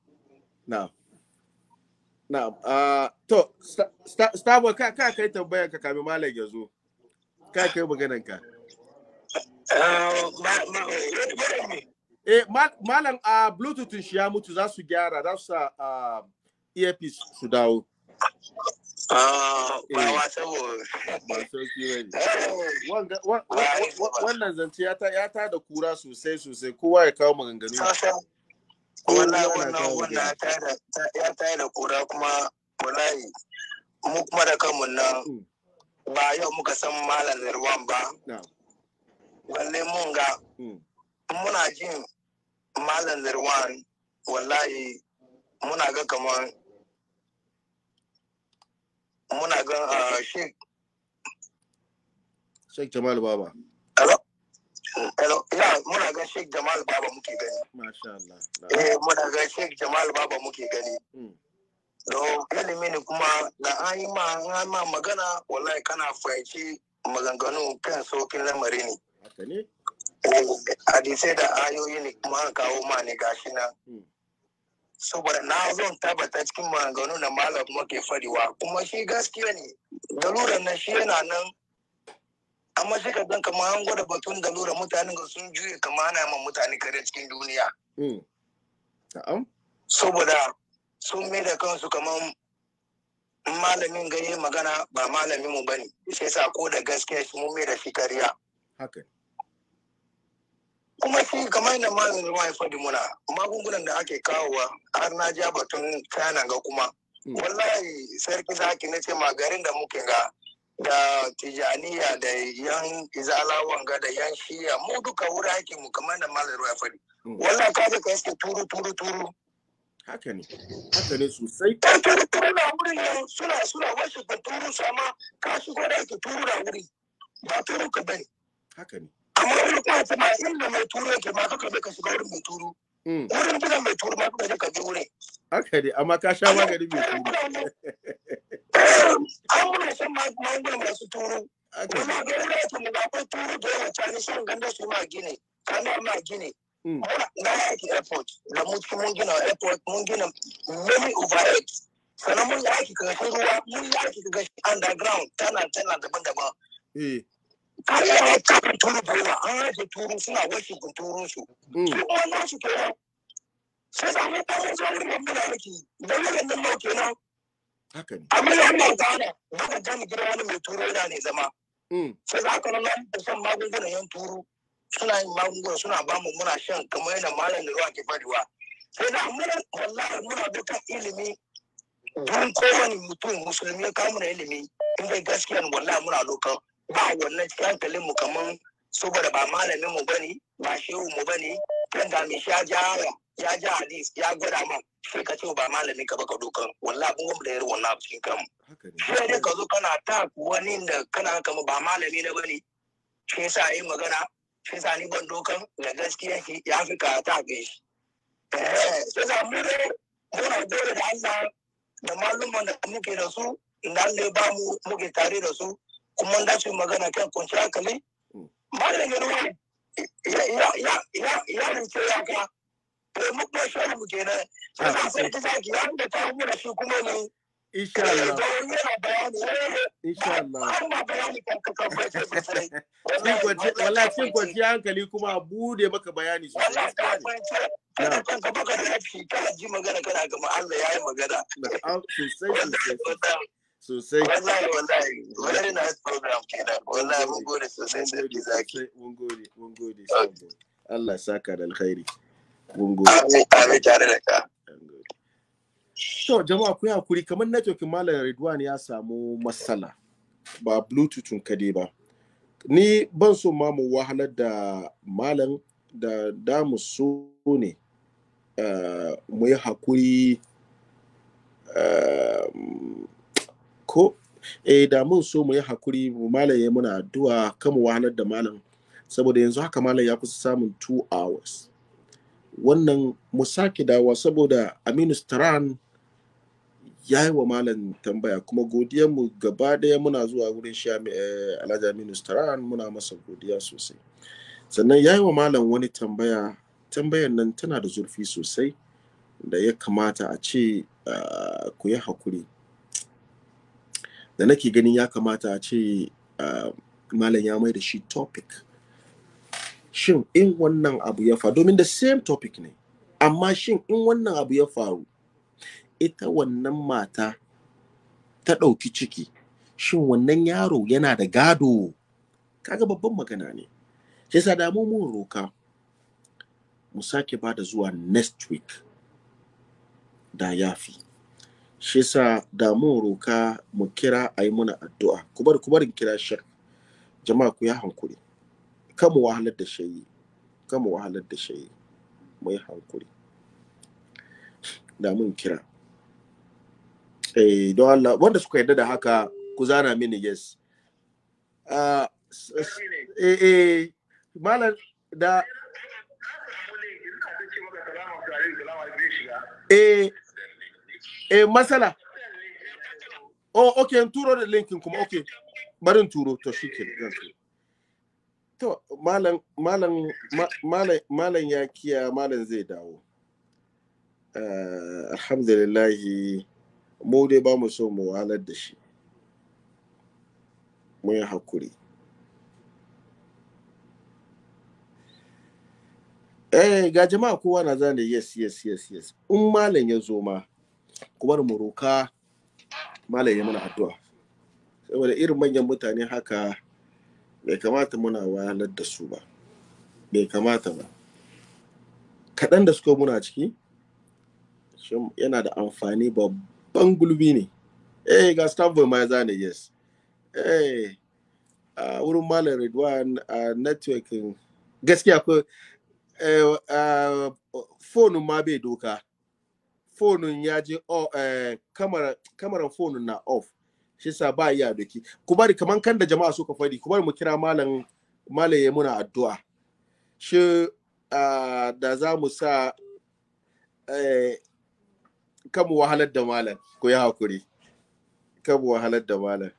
A: na na uh, to starboy ka ka kai tambayar ka kami malam ya zo ka kai maganan ka
D: Uh, ma, ma, wait,
E: wait,
A: wait. eh malam a ah, bluetooth shi ya mutu za su gyara za su a ah, earpiece su dawo wannan zance ya ta da kura sosai sosai kowa ya kawo maganganu ya
E: ta da kura kuma wallahi mu kuma da kanmu nan mm. ba yau muka san malam zarwan ba walle mun ga mm. muna jin malam Lirwan wallahi muna ga kamar muna ga ah, shi
A: Sheikh Jamal Baba. Hello?
E: Hello, ya muna ga Sheikh Jamal Baba muke gani. Masha Allah. Eh muna ga Sheikh Jamal Baba muke gani. Don hmm. ilimi ne kuma na an yi ma ma magana wallahi kana fahimci maganganu kan saukin lamari ne. hadisai da ayoyi ne kuma an kawo ma ne gashi nan hmm. saboda na zon tabbata cikin maganganu na malam kuma ke fadiwa kuma shi gaskiya ne lura na shi yana nan amma shi ka zan kama an gwada batun lura mutanen ga sun juye kama ana yaman mutane kare cikin duniya
D: hmm.
E: saboda sun mai da kansu kamar malamin gani magana ba malamin mu bane sai sa ko da gaskiya shi mun mai da shi kariya kuma shi kamar yadda mazin ruwa ya faɗi muna magungunan da ake kawowa har na ja batun china ga kuma mm. wallahi sarki zaki na ce garin da muke ga da tijaniya da yan izalawan ga da yan shiya mu duka wuri ake mu kamar yadda mazin ruwa ya faɗi mm. wallahi ka je ka yi turu turu turu haka ne haka ne sosai turu turu da wurin nan suna suna wasu ka turu sama ka shigo da ake turu da wuri ba turu ka bane haka ne amma wani kuma kuma inda mai turo yake ma kaka zai ka shiga wurin mai turo wurin gidan mai turo ma kaka zai ka je wurin haka
A: ne amma ka sha magani mai turo
E: an muna shan magunguna masu turo kuma ga wurin yake mu akwai turo da yawa cani shan ganda su ma gine kano ma gine na yaki airport da mu mun gina airport mun gina many overhead sannan mun yaki kaga ruwa mun yaki kaga underground tana tana daban-daban Allah ya ce kunturu baiwa an rage turu suna wasu kunturu su. Mm. Su kuma na su kenan. Sai da mu ba zan zama da muna miki da wannan nan nau kenan. Haka ne. Amma ya mu gane ba ka gane gidan wani mai turu yana ne zama. Mm. Sai za ka nan da san magungunan yan turu. Suna yin magunguna suna ba mu muna shan kamar yana malam da ruwa ke faduwa. Sai da mu wallahi muna dukkan ilimi don kowane mutum musulmi ya kawo mana ilimi in bai gaskiya wallahi muna dokan ba wannan cikin mu kaman saboda ba malamin mu bane ba shehu mu bane kan da mai sha jaya ya ja hadis ya gwada ma sai ka ce ba malamin ka ba ka dokan wallahi abun gwamnati irin wannan abu cikin kanmu sai dai ka zo kana ta wani da kana kama ba malami na bane shi yasa yi magana shi yasa ni ban dokan da gaskiya shi ya fi ka ta ga shi eh, sai sa mu dai muna dole da Allah da malumman da muke da su da Allah ba mu muke tare da su kuma an dace magana kan kwanci hankali maganin ganin ya rinke ya ka to eh, mu kuma shi mu kenan sai ka sai ta zaki ya da ta mu da shi kuma ne insha Allah eh, eh, insha Allah
A: cin kwanci hankali kuma a bude maka
E: bayani sosai kana kan ka baka da shi kana ji magana kana gama Allah ya yi magana sosai sosai
A: sosai wallahi wallahi wallahi na program kenan wallahi mun gode sosai sarki zaki mun gode mun gode Allah saka da alkhairi mun gode amin Amin tare da ka to jama'a ku hakuri kamar network malam Ridwan ya samu matsala ba bluetooth kade ba ni ban so ma mu wahalar da malam da damu so ne eh, mu yi hakuri eh, ko eh da mun so mu yi hakuri mu malam muna addu'a kan mu wahalar da malam saboda yanzu haka malam ya kusa samun 2 hours wannan mu sake dawa saboda Aminu Staran ya yi wa malam tambaya kuma godiyar mu gaba daya muna zuwa wurin shi eh, Alhaji Aminu Staran muna masa godiya sosai sannan ya yi wa malam wani tambaya tambayar nan tana da zurfi sosai da ya kamata a ce ah, ku yi hakuri da nake ganin ya kamata a ce malam ya mai da shi topic shin in wannan abu ya faru domin the same topic ne amma shin in wannan abu ya faru ita wannan mata ta ɗauki ciki shin wannan yaro yana da gado kaga babban magana ne sai sa damu mun roka mu sake ba da zuwa next week da yafi shi sa da roka mu kira a yi muna addu'a ku bar ku barin kira shek jama'a ku ya hankuri kan mu wahalar da shayi kan mu wahalar da shayi mu yi hankuri damun kira eh, don Allah wanda suka yarda da haka ku zana mini yes ah, eh eh malam da eh eh masala oh ok in turo da linkin kuma ok barin turo to shike zan to malam malam malam malam ya kiya malam zai dawo uh, eh, alhamdulillah mu dai ba mu so mu wahalar da shi Mun yi hakuri eh ga jama'a kowa na zane yes yes yes yes in malam ya zo ma ku bar mu roka malam ya mana addu'a saboda irin manyan mutane haka bai kamata muna wayanar da su ba bai kamata ba kaɗan da suka muna ciki yana da amfani babban gulbi ne eh ga stanford ma ya zane yes eh a wurin malam redwan a networking gaskiya ko eh, phone ma bai doka fonun ya je kamaran eh, fonun na off shi sa ba iya doki ku bari kamar kan da jama'a suka fadi ku bari mu kira malam malam ya muna addu'a shi da za mu sa eh, kamu wahalar da malam ku yi hakuri kamu wahalar da malam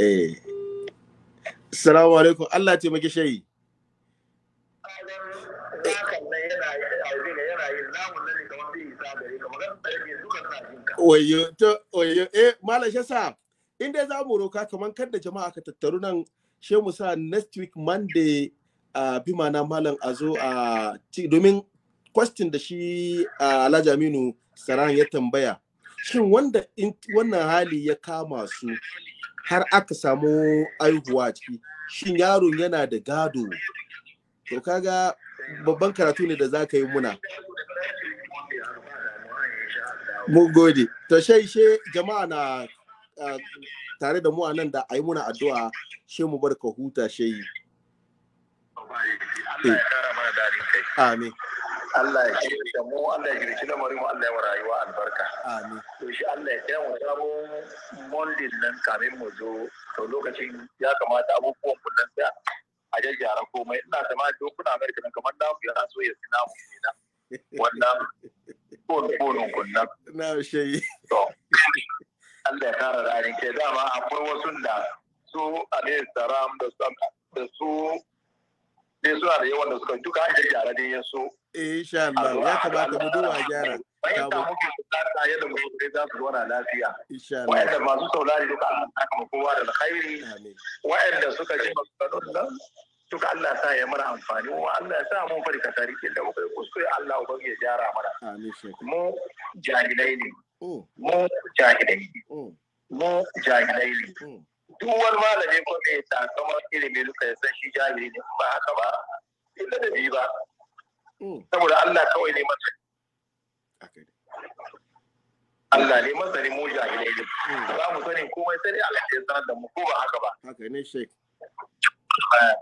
A: eh salamu alaikum Allah taimaki shayi Oyo, to, oyo, eh, Malam Shasa, in dai za mu roka kamar kada jama'a ka tattaru nan, she mu sa next week Monday a bi mana Malam a zo a domin question da shi Alhaji Aminu Saran ya tambaya. Shin wanda wannan hali ya kama su har aka samu aihuwa ciki, shin yaron yana da gado? To kaga babban karatu ne da za ka yi muna. Mun gode. To shai she jama'a na tare da mu a nan da a yi muna addu'a she mu barka huta shayi. Amin. Allah ya kiri da mu, Allah ya girki da mu, Allah ya rayuwa albarka.
F: Amin. To shi Allah ya kai mu sabon mondin nan kamin mu zo, to lokacin ya kamata abubuwan mu nan da a jajjara komai. Ina da ma dokuna Amerika nan kamar ku ya so ya fi namu na. Wannan ko
A: da bonin kunnan. Na Allah ya kara
F: ke dama akwai wasu da su alayhi salam da su ne suna da yawan da suka duka an gyara ne ya so.
A: Eh insha Allah ya kamata mu gyara.
F: da yadda mu za su zauna lafiya.
A: Insha Allah. Wa'anda
F: masu saurari duka an saka kowa da alkhairi. Wa'anda suka ji maganganun nan duk Allah sa ya mara amfani mu Allah ya sa mun farka tarihi da muka yi kuskure Allah uban ya gyara mana
E: mu jahilai ne oh. mu jahilai ne oh. mu jahilai ne oh.
F: duk wani malami ko mai takamar ilimi duka ya san shi jahilai ne ba haka ba illa da bi ba saboda Allah kawai ne masa Allah ne masani mu jahilai
E: ne
F: ba mu sani komai sai Allah ya sanar da mu ko ba haka ba
A: haka ne
E: shek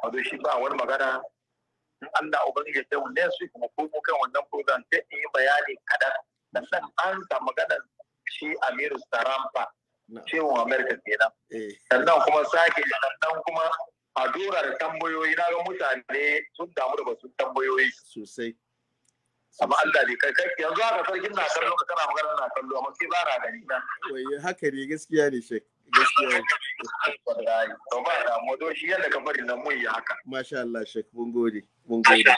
E: wato shi ba wani magana in Allah ubangiji ya tsaye ne
F: su kuma ko kan wannan program sai in yi bayani kadan dan dan an ta magana shi Amiru Sarampa cewa America kenan eh. sannan kuma sake sannan
E: kuma a dora da tambayoyi na ga mutane sun damu da basu tambayoyi sosai
F: amma Allah ne kai yanzu haka sarkin na kallo kana magana na kallo amma sai ba ra gani na
A: haka ne gaskiya ne shek masha Allah shek mun gode mun gode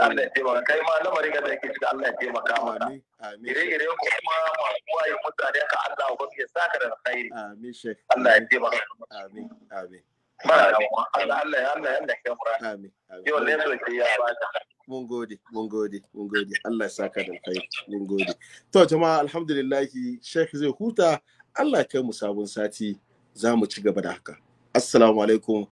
A: Allah ya
F: taimaka kai ma lamarin da yake Allah amin ire-ire kuma masu mutane ka Allah ya saka da amin
A: Allah ya taimaka amin amin
F: ba da Allah Allah ya Allah ya kai mura amin yau ne so ke ya
A: mun gode mun gode mun gode Allah ya saka da to jama'a alhamdulillah
D: shek zai huta Allah kai mu sabon sati za mu ci gaba da haka assalamu alaikum